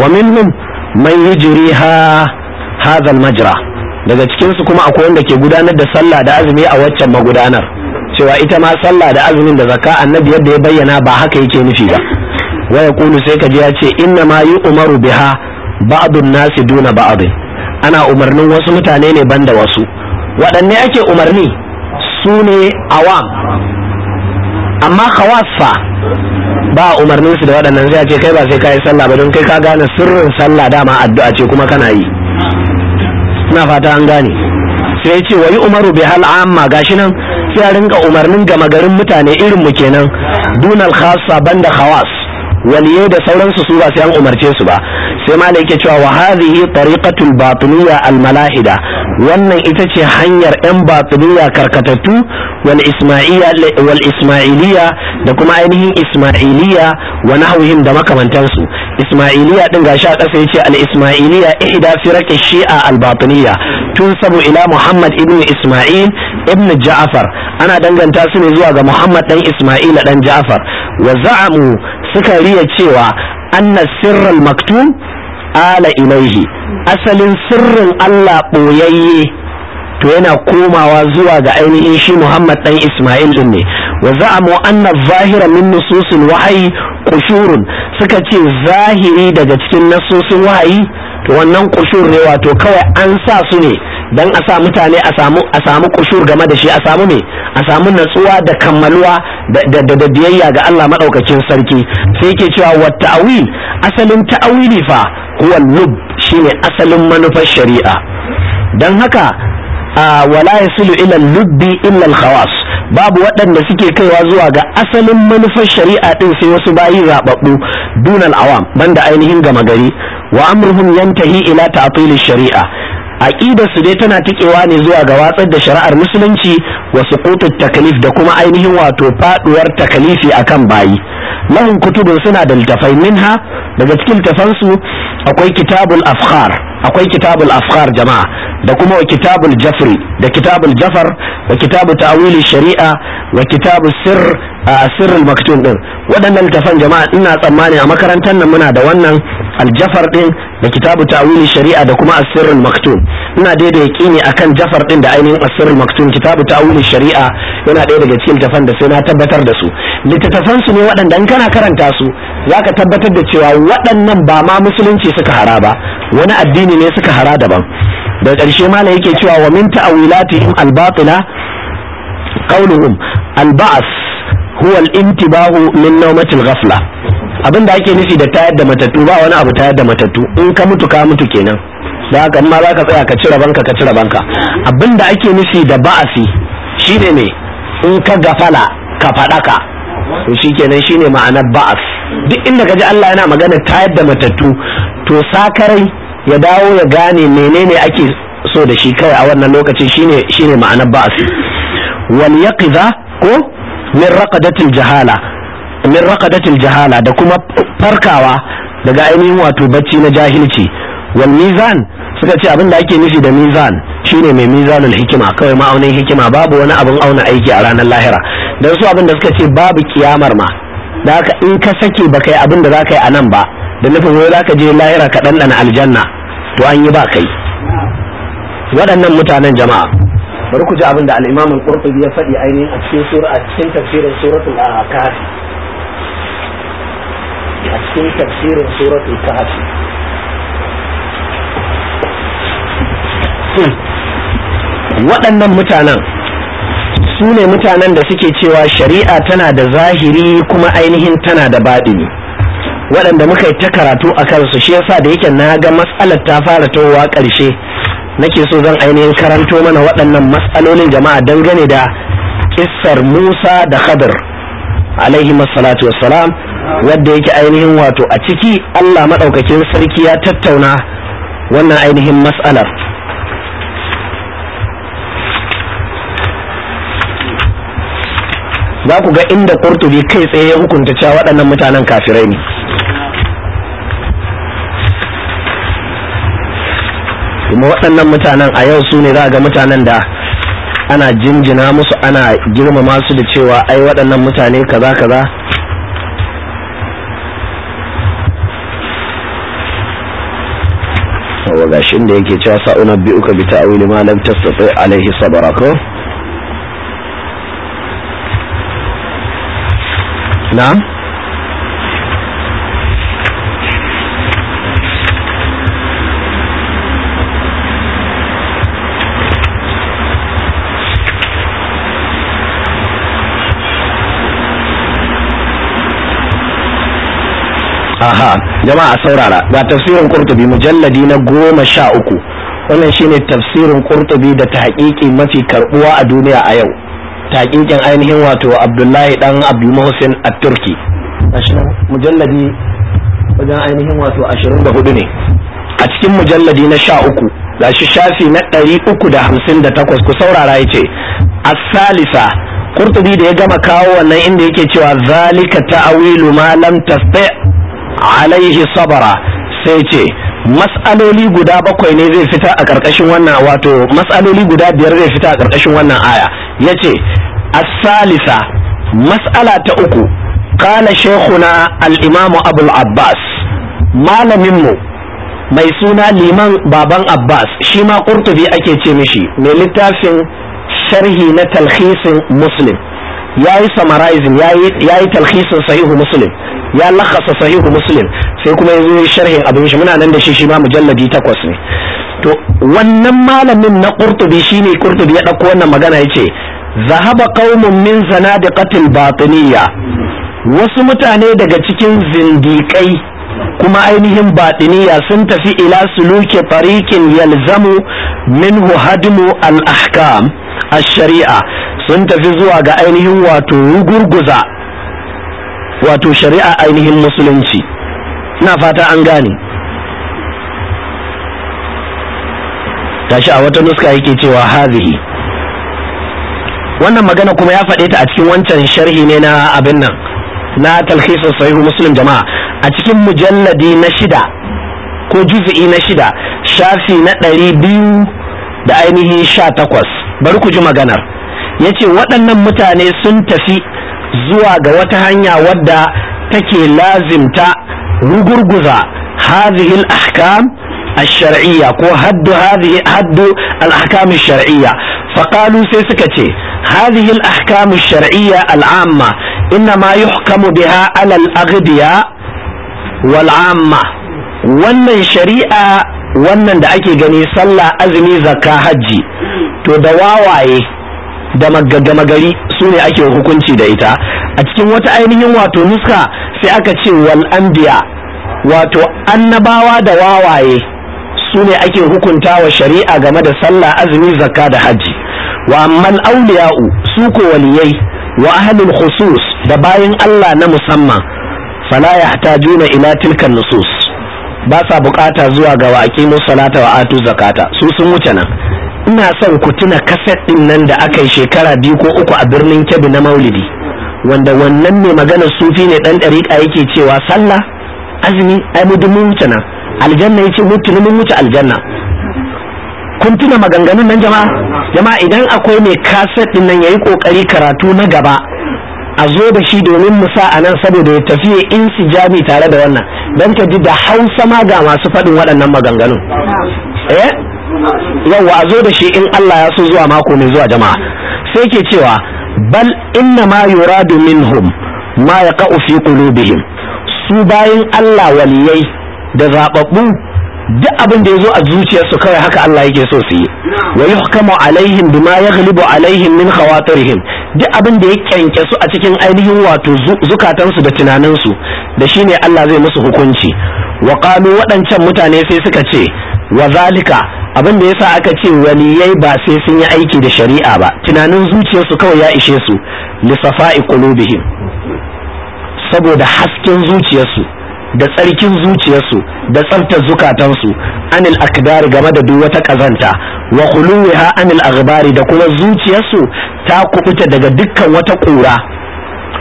wa minhum man yujriha hadha majra daga cikin su kuma akwai wanda ke gudanar da sallah da azumi a waccan magudanar cewa ita ma sallah da azumin da zakka annabi yadda ya bayyana ba haka yake nufi ba wa yaqulu sai kaji ya ce inna ma yu'maru biha ba'dun nasi duna ba'd ana umarnin wasu mutane ne banda wasu waɗanne ake umarni su ne awam amma khawassa ba umarnin su da waɗannan zai ce kai ba sai kayi sallah ba don kai ka gane sirrin sallah dama addu'a ce kuma kana yi Suna fata an gane sai ce wayi umaru bai hal amma gashi nan sai a rinka umarnin gama garin mutane irin mu kenan dunal khassa banda khawas waliye da sauransu su ba sai an umarce su ba sai malai yake cewa wa hadhihi tariqatul Almalahida al malahida wannan ita ce hanyar yan batiniyya karkatattu wal isma'iliya wal da kuma ainihin Isma'iliya wa nahwihim da makamantansu Isma'iliya din gashi a ƙasa yace al isma'iliyya ihda firaqi shi'a al Tun tunsabu ila muhammad ibn isma'il ibn ja'far ana danganta su ne zuwa ga muhammad dan isma'il dan ja'far wa za'amu suka riya cewa anna sirrin maktum ala ilaihi asalin sirrin Allah ɓoyayye to yana komawa zuwa ga ainihin shi Muhammad ɗan Ismail din ne wa za'amu anna zahira min nususil wahyi kushurun suka ce zahiri daga cikin nasusun wahayi to wannan qushur ne wato kawai an sa su ne dan a sa mutane a samu kushur game da shi a samu me a samu natsuwa da kammaluwa da biyayya ga Allah madaukakin sarki sai yake cewa wa ta'wil asalin ta'wili fa huwa lub shine asalin manufar shari'a dan haka wala yasulu ila lubbi illa al-khawas babu waɗanda suke kaiwa zuwa ga asalin manufar shari'a din sai wasu bayi zababbu dunal awam banda ainihin gama gari wa amruhum yantahi ila ta'til shari'a aqidar su dai tana tikewa ne zuwa ga watsar da shari'ar musulunci wa suqutut taklif da kuma ainihin wato faduwar taklifi akan bayi lahum kutubun suna da littafai minha daga cikin tafansu akwai kitabul afkhar akwai kitabul afkar jama'a da kuma kitabul jafri da kitabul jafar wa kitabu ta'wili shari'a da kitabu sirr a sirrul maktun din waɗannan tafan jama'a ina tsammani a makarantar nan muna da wannan aljafar din da kitabu ta'wili shari'a da kuma asirrul maktun ina daidai yakini akan jafar din da ainihin asirrul maktun kitabu ta'wili shari'a yana ɗaya daga cikin tafan da sai na tabbatar da su littattafan su ne waɗanda in kana karanta su zaka tabbatar da cewa waɗannan ba ma musulunci suka hara ba wani addini ne suka hara daban da ƙarshe mala yake cewa wa min ta'wilatihim al-batila qawluhum al-ba's huwa al intibahu min nawmatil ghafla abinda ake nufi da tayar da matattu ba wani abu tayar da matattu in ka mutu ka mutu kenan da haka amma za ka tsaya ka cire banka ka cire banka abinda ake nufi da ba'asi shine ne in ka gafala ka faɗaka to shikenan shine ma'anar ba'as duk inda ka ji Allah yana magana tayar da matattu to sakarai ya dawo ya gane menene ake so da shi kawai a wannan lokaci shine shine ma'anar ba'as wal yaqiza ko min raqadatil jahala min raqadatil jahala da kuma farkawa daga ainihin wato bacci na jahilci wal mizan suka ce abin da ake nufi da mizan shine mai mizanul hikima kawai ma'aunin hikima babu wani abin auna aiki a ranar lahira dan su abin da suka ce babu kiyamar ma da haka in ka sake baka yi abin da zaka yi a nan ba da nufin wai zaka je lahira ka ɗanɗana aljanna to an yi ba kai waɗannan mutanen jama'a bari ku ji abin da al-Imam al-Qurtubi ya faɗi ainihin a cikin sura a cikin tafsirin suratul Kahf a cikin tafsirin suratul Kahf hmm. waɗannan mutanen su ne mutanen da suke cewa shari'a tana da zahiri kuma ainihin tana da baɗini waɗanda muka yi ta karatu a kansu shi yasa da yake na ga matsalar ta fara towa ƙarshe nake so zan ainihin karanto mana waɗannan matsalolin jama'a dangane da kissar Musa da Khadir alaihi masalatu wassalam wadda yake ainihin wato a ciki Allah maɗaukakin sarki ya tattauna wannan ainihin matsalar za ku ga inda kurtubi kai tsaye ya hukunta cewa waɗannan mutanen kafirai ne kuma waɗannan mutanen a yau su ne za ga mutanen da ana jinjina musu ana girmama su da cewa ai waɗannan mutane kaza kaza wa gashin da yake cewa sa'una bi uka bi ta'awili ma lam tastati alaihi sabara ko na'am aha jama'a saurara ga tafsirin qurtubi mujalladi na goma sha uku wannan shine tafsirin qurtubi da ta haƙiƙi mafi karbuwa a duniya a yau ta tahqiqin ainihin wato abdullahi dan abdul muhsin at-turki mujalladi wajen ainihin wato 24 ne a cikin mujalladi na sha uku shi shafi na ɗari uku da hamsin da takwas ku saurara ya ce asalisa kurtubi da ya gama kawo wannan inda yake cewa zalika ta'awilu ma lam tastati alaihi sabara sai ce mas'aloli guda bakwai ne zai fita a ƙarƙashin wannan wato matsaloli guda biyar zai fita a ƙarƙashin wannan aya ya ce salisa matsala ta uku kala shekuna al'imamu abul abbas malaminmu mai suna liman baban abbas shi ma ƙurtubi ake ce mishi mai littafin sharhi na talhisin muslim ya yi summarizing ya yi talhisin sahihu muslim ya lakasa sahihu muslim sai kuma ya zo sharhin abin shi muna nan da shi shi ma takwas ne to wannan malamin na qurtubi shine qurtubi ya ɗauko wannan magana ya ce zahaba zana min katil batiniya wasu mutane daga cikin zindiƙai kuma ainihin batiniya sun tafi ila suluke tariqin yalzamu minhu hadmu al ahkam ash-shari'a sun tafi zuwa ga ainihin wato rugurguza wato shari'a ainihin musulunci ina fata an gane tashi a wata nuska yake cewa hazihi wannan magana kuma ya faɗe ta a cikin wancan sharhi ne na abin nan na talhisar sahihu muslim jama'a a cikin mujalladi na shida ko juzi'i na shida shafi na ɗari biyu da ainihin sha takwas bari ku ji maganar yace waɗannan mutane sun tafi zuwa ga wata hanya wadda take lazimta rugurguza hazihil ahkam ash-shar'iyya ko haddu hadhihi haddu al-ahkam ash-shar'iyya faqalu sai suka ce hadhihi al-ahkam ash-shar'iyya al-amma inna ma yuhkamu biha alal al-aghdiya wal wannan shari'a wannan da ake gani sallah azumi zakka hajji to da wawaye da magagama gari su ne ake hukunci da ita a cikin wata ainihin wato nuska sai aka ce wal anbiya wato annabawa da wawaye su ne ake hukunta wa shari'a game da sallah azumi zakka da hajji wa amman auliya'u su ko waliyai wa ahlul khusus da bayan Allah na musamman fala juna ina tilkan nusus ba sa bukata zuwa ga wa aqimu salata wa atu zakata su sun wuce nan ina son ku tuna kaset ɗin nan da aka yi shekara biyu ko uku a birnin kebbi na maulidi wanda wannan mai magana sufi ne ɗan ɗariƙa yake cewa sallah azumi ai mu mun wuce nan aljanna yace mu tuni mun wuce aljanna kun tuna maganganun nan jama'a jama'a idan akwai mai kaset ɗin nan yayi kokari karatu na gaba a zo da shi domin musa a nan saboda ya tafi ya insijami tare da wannan don ka ji da hausa ma ga masu faɗin waɗannan maganganun eh yawa a zo da shi in Allah ya so zuwa mako mai zuwa jama'a sai ke cewa bal inna ma yuradu minhum ma yaqa'u fi qulubihim su bayin Allah waliyai da zababbu duk abin da ya zo a su kawai haka Allah yake so su yi wa yuhkamu alaihim bima yaghlibu alaihim min khawatirihim duk abin da ya su a cikin ainihin wato zukatansu da tunaninsu da shine Allah zai musu hukunci wa qalu waɗancan mutane sai suka ce wa zalika abin da yasa aka ce wani yayi ba sai sun yi aiki da shari'a ba tunanin zuciyarsu kawai ya ishe su li safa'i qulubihim saboda hasken zuciyarsu da tsarkin zuciyarsu da tsaftar zukatansu anil akdari game da duk wata kazanta wa quluha anil aghbari da kuma zuciyarsu ta kubuta daga dukkan wata kura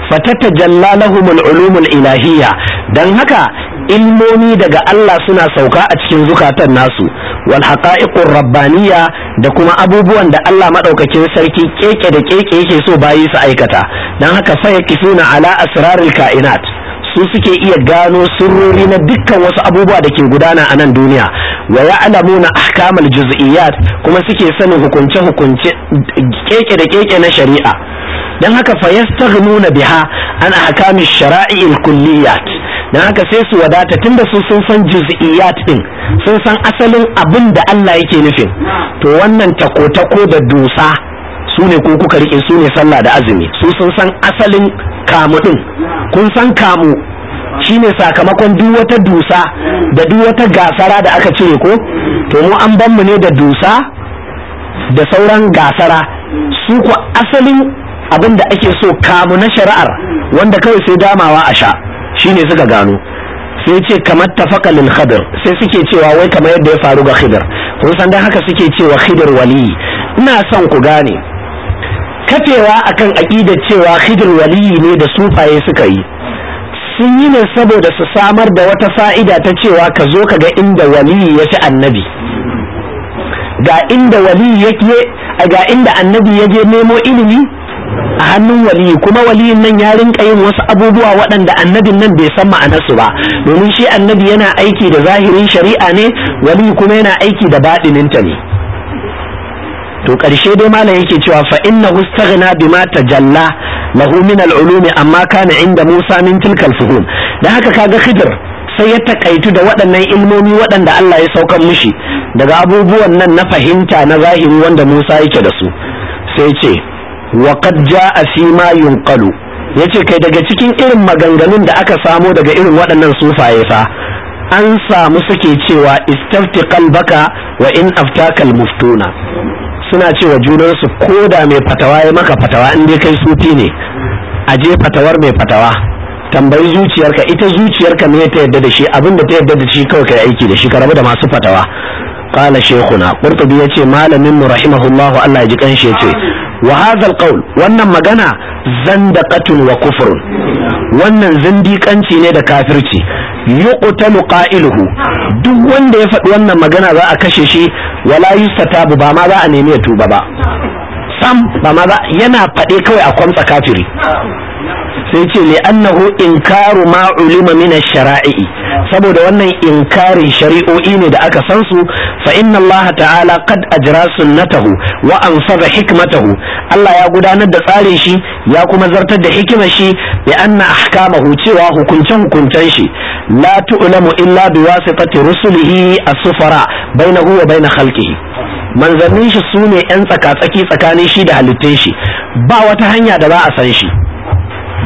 fatata jalla lahumul ulumul ilahiyya dan haka ilmomi daga Allah suna sauka a cikin zukatan nasu wal haqa'iqur rabbaniyya da kuma abubuwan da Allah madaukakin sarki keke da keke yake so bayi su aikata dan haka sai kisuna ala asraril kainat su suke iya gano sirrori na dukkan wasu abubuwa da ke gudana a nan duniya wa ya'lamuna ahkamal juz'iyat kuma suke sanin hukunce hukunce keke da keke na shari'a dan haka fa yastaghnuna biha ana hakamin shara'i al kulliyat dan haka sai su wadata tunda su sun san juz'iyat din sun san asalin abin da Allah yake nufin to wannan tako tako da dusa su ne ko kuka rike su ne sallah da azumi su sun san asalin kamu din kun san kamu shine sakamakon duk wata dusa da duk wata gasara da aka cire ko to mu an ban mu ne da dusa da sauran gasara su ku asalin abin da ake so kamu na shari'ar wanda kawai sai damawa a sha shi ne suka gano sai ce kamar tafaka lil khadir sai suke cewa wai kamar yadda ya faru ga khidir Kusan san haka suke cewa khidir wali ina son ku gane kafewa akan aqidar cewa khidir wali ne da sufaye suka yi sun yi ne saboda su samar da wata fa'ida ta cewa ka zo ka ga inda wali ya ci annabi ga inda wali yake ga inda annabi ya je nemo ilimi a hannun waliyi kuma waliyin nan ya rinka yin wasu abubuwa waɗanda annabin nan bai san ma'anarsu ba domin shi annabi yana aiki da zahirin shari'a ne waliyi kuma yana aiki da baɗininta ne to ƙarshe dai malam yake cewa fa inna hustaghna bima tajalla lahu min al-ulumi amma kana inda Musa min tilka al-fuhum da haka kaga Khidr sai ya takaitu da waɗannan ilmomi waɗanda Allah ya saukar mishi daga abubuwan nan na fahimta na zahiri wanda Musa yake da su sai ce wa ja a fi ma ya yace kai daga cikin irin maganganun da aka samo daga irin waɗannan sufaye fa an samu suke cewa istafti kalbaka wa in aftakal muftuna suna cewa junansu ko da mai fatawa ya maka fatawa in dai kai sufi ne a je fatawar mai fatawa tambayi zuciyarka ita zuciyarka ne ta yadda da shi abin ta yadda da shi kawai kai aiki da shi ka rabu da masu fatawa qala shaykhuna qurtubi yace malamin mu rahimahullahu Allah ya ji kanshi yace wa hadhal qaul wannan magana zandaqatun wa kufrun wannan zindikanci ne da kafirci yuqtalu qailuhu duk wanda ya faɗi wannan magana za a kashe shi wala yustatabu ba ma za a nemi ya tuba ba sam ba ma yana faɗe kawai a kwamtsa kafiri sai ce li annahu inkaru ma ulima min sharaii saboda wannan inkarin shari'o'i ne da aka san su fa inna Allah ta'ala qad ajra sunnatahu wa anfadha hikmatahu Allah ya gudanar da tsarin shi ya kuma zartar da hikimar shi bi anna ahkamahu cewa hukuncin hukuncen shi la tu'lamu illa bi wasitati rusulihi as-sufara bainahu wa bain khalqihi manzannin shi sune yan tsaka tsaki tsakanin shi da halittun shi ba wata hanya da za a san shi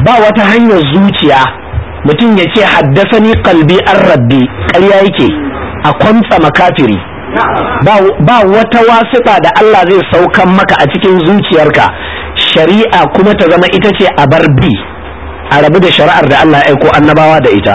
ba wata hanyar zuciya mutum ya ce haddasani kalbi an rabbi ƙarya yake a kwantsa makafiri ba wata wasiƙa da Allah zai saukan maka a cikin zuciyarka shari'a kuma ta zama ita ce a bar bi a rabu da shari'ar da Allah ya aiko annabawa da ita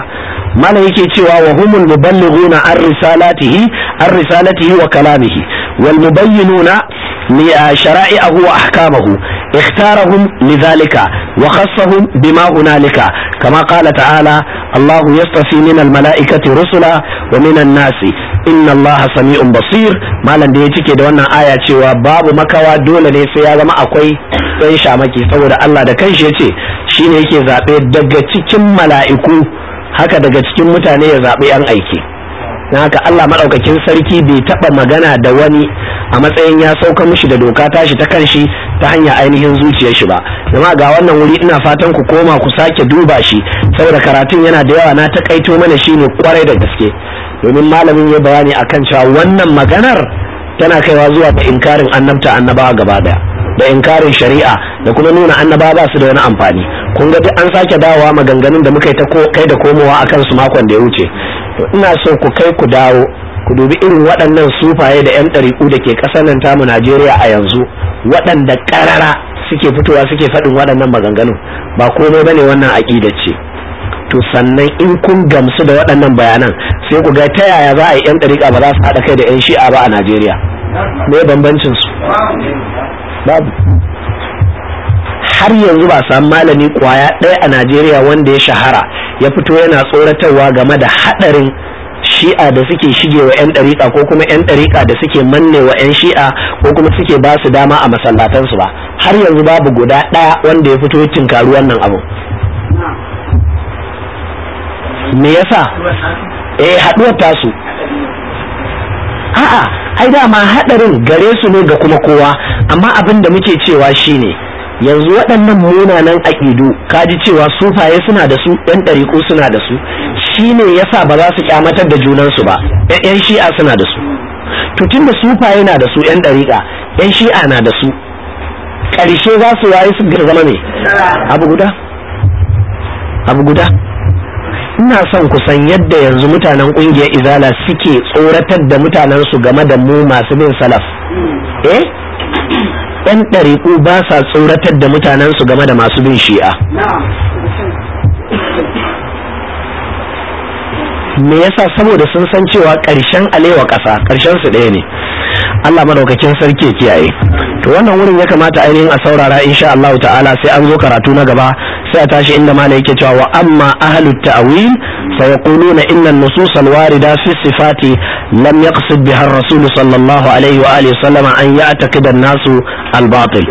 malam yake cewa wa humul muballighuna an risalatihi an risalatihi wa kalamihi wal mubayyinuna li shara'i'ahu wa ahkamahu اختارهم لذلك وخصهم بما هنالك كما قال تعالى الله يصطفي من الملائكة رسلا ومن الناس إن الله سميع بصير ما لن يتكي دوانا آية cewa babu makawa dole ne sai ya zama akwai sai shamaki saboda Allah da kanshi yace shine yake zaɓe daga cikin mala'iku haka daga cikin mutane ya zaɓi yan aiki na haka Allah maɗaukakin sarki bai taɓa magana da wani a matsayin ya sauka mishi da doka tashi ta kanshi ta hanya ainihin zuciyar shi ba jama'a ga wannan wuri ina fatan ku koma ku sake duba shi saboda karatun yana da yawa na takaito mana shi ne kwarai da gaske domin malamin ya bayani akan cewa wannan maganar tana kaiwa zuwa ga inkarin annabta annabawa gaba daya da inkarin shari'a da kuma nuna annabawa ba su da wani amfani kun ga an sake dawowa maganganun da muka yi ta kai da komowa akan su makon da ya wuce to ina so ku kai ku dawo ku dubi irin waɗannan sufaye da 'yan ɗariƙu da ke ƙasanan tamu najeriya a yanzu waɗanda ƙarara suke fitowa suke faɗin waɗannan maganganu ba komai ba ne wannan aƙida ce to sannan in kun gamsu da waɗannan bayanan sai ku ga ta yaya za a yi 'yan ɗariƙa ba za su haɗa kai da 'yan shi'a ba a najeriya me bambancin su babu har yanzu ba samu malami kwaya ɗaya a najeriya wanda ya shahara ya fito yana tsoratarwa game da haɗarin shi'a da suke shige wa 'yan ɗariƙa ko kuma 'yan ɗariƙa da suke manne wa 'yan shi'a ko kuma suke ba su dama a masallatansu ba har yanzu babu guda ɗaya wanda ya fito tinkari wannan abu me yasa eh haɗuwar tasu a'a ai dama haɗarin gare su ne ga kuma kowa amma abin da muke cewa shine yanzu waɗannan munanan aƙidu kaji cewa sufaye suna da su ɗan ɗariƙo suna da su shi ne ya sa ba za su kyamatar da junansu ba ‘yan shi'a suna da su to tunda da sufaye na da su ‘yan ɗariƙa ‘yan shi'a na da su ƙarshe za su waye su zama ne abu guda abu guda ina son ku san yadda yanzu mutanen ƙungiyar izala suke tsoratar da mutanensu game da mu masu bin salaf eh 'yan ɗariƙu ba sa tsoratar da mutanensu game da masu bin shi'a me yasa saboda sun san cewa ƙarshen alewa ƙasa ƙarshen su ɗaya ne Allah madaukakin sarki kiyaye to wannan wurin ya kamata ainihin a saurara insha Allah ta'ala sai an zo karatu na gaba ساتاش عندما نيك واما اهل التاويل فيقولون ان النصوص الوارده في الصفات لم يقصد بها الرسول صلى الله عليه واله وسلم ان يعتقد الناس الباطل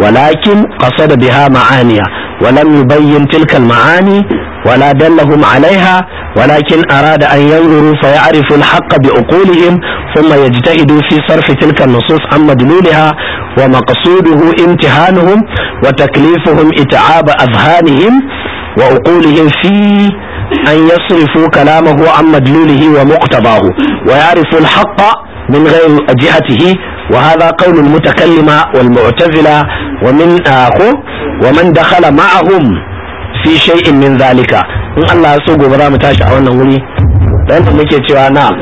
ولكن قصد بها معانيها ولم يبين تلك المعاني ولا دلهم عليها ولكن اراد ان ينظروا فيعرفوا الحق بعقولهم ثم يجتهدوا في صرف تلك النصوص عن مدلولها ومقصوده امتهانهم wa taklifuhum ita'aba azhanihim wa uqulihim fi an yasrifu kalamahu an madlulihi wa muqtabahu wa ya'rifu al-haqqa min ghayri jihatihi وهذا قول المتكلمة والمعتزلة ومن آخو ومن دخل معهم في شيء من ذلك إن الله سوق برا متاشا وانا ولي لأن مكي نعم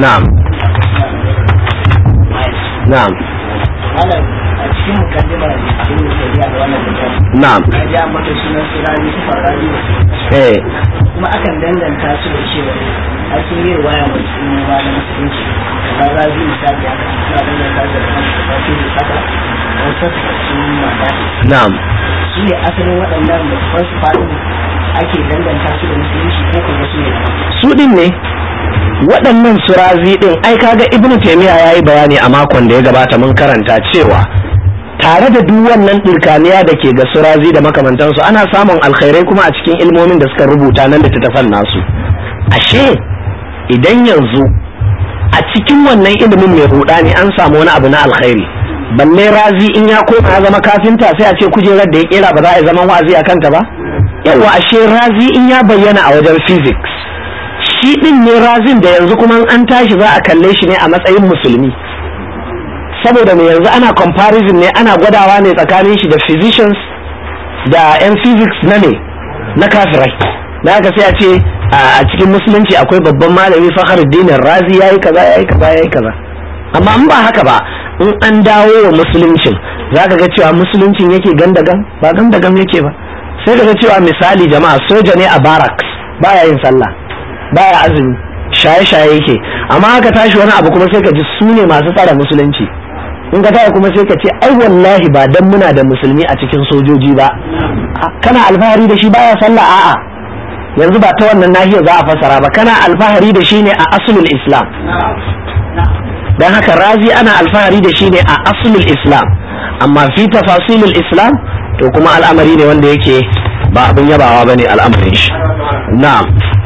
na'am na'am na'am eh kuma akan danganta su da cewa a sun yi waya mai sunan na musulunci ba za su yi sabi a kan suna danganta da kan su ba su yi saka wasu sun mata na'am su ne asalin waɗannan da first party ake danganta su da musulunci ko kuma su ne su din ne waɗannan surazi ɗin ai kaga ibnu taimiyya ya yi bayani a makon da ya gabata mun karanta cewa tare da duk wannan ɗirkaniya da ke ga surazi da makamantansu ana samun alkhairai kuma a cikin ilmomin da suka rubuta nan da tattafan nasu ashe idan yanzu a cikin wannan ilimin mai ne an samu wani abu na alkhairi balle razi in ya koma ya zama kafinta sai a ce kujerar da ya kera ba za a yi zaman wa'azi a kanta ba yawa ashe razi in ya bayyana a wajen physics shi ɗin ne razin da yanzu kuma an tashi za a kalle shi ne a matsayin musulmi saboda mai yanzu ana comparison ne ana gwadawa ne tsakanin shi da physicians da yan physics na ne na kafirai da aka sai a ce a cikin musulunci akwai babban malami fakhruddinin razi yi kaza yi kaza yi kaza amma an ba haka ba in an dawo wa musuluncin ka ga cewa musuluncin yake gandagan ba gandagan yake ba sai ka ga cewa misali jama'a soja ne a barracks baya yin sallah baya azumi shaye-shaye yake amma haka tashi wani abu kuma sai ka ji su ne masu tsara musulunci in ka tara kuma sai ka ce ai wallahi ba dan muna da musulmi a cikin sojoji ba kana alfahari da shi baya sallah a'a yanzu ba ta wannan nahiyar za a fasara ba kana alfahari da shi ne a asulul islam dan haka razi ana alfahari da shi ne a aslul islam amma fi tafasilul islam to kuma al'amari ne wanda yake ba abin yabawa bane al'amarin shi na'am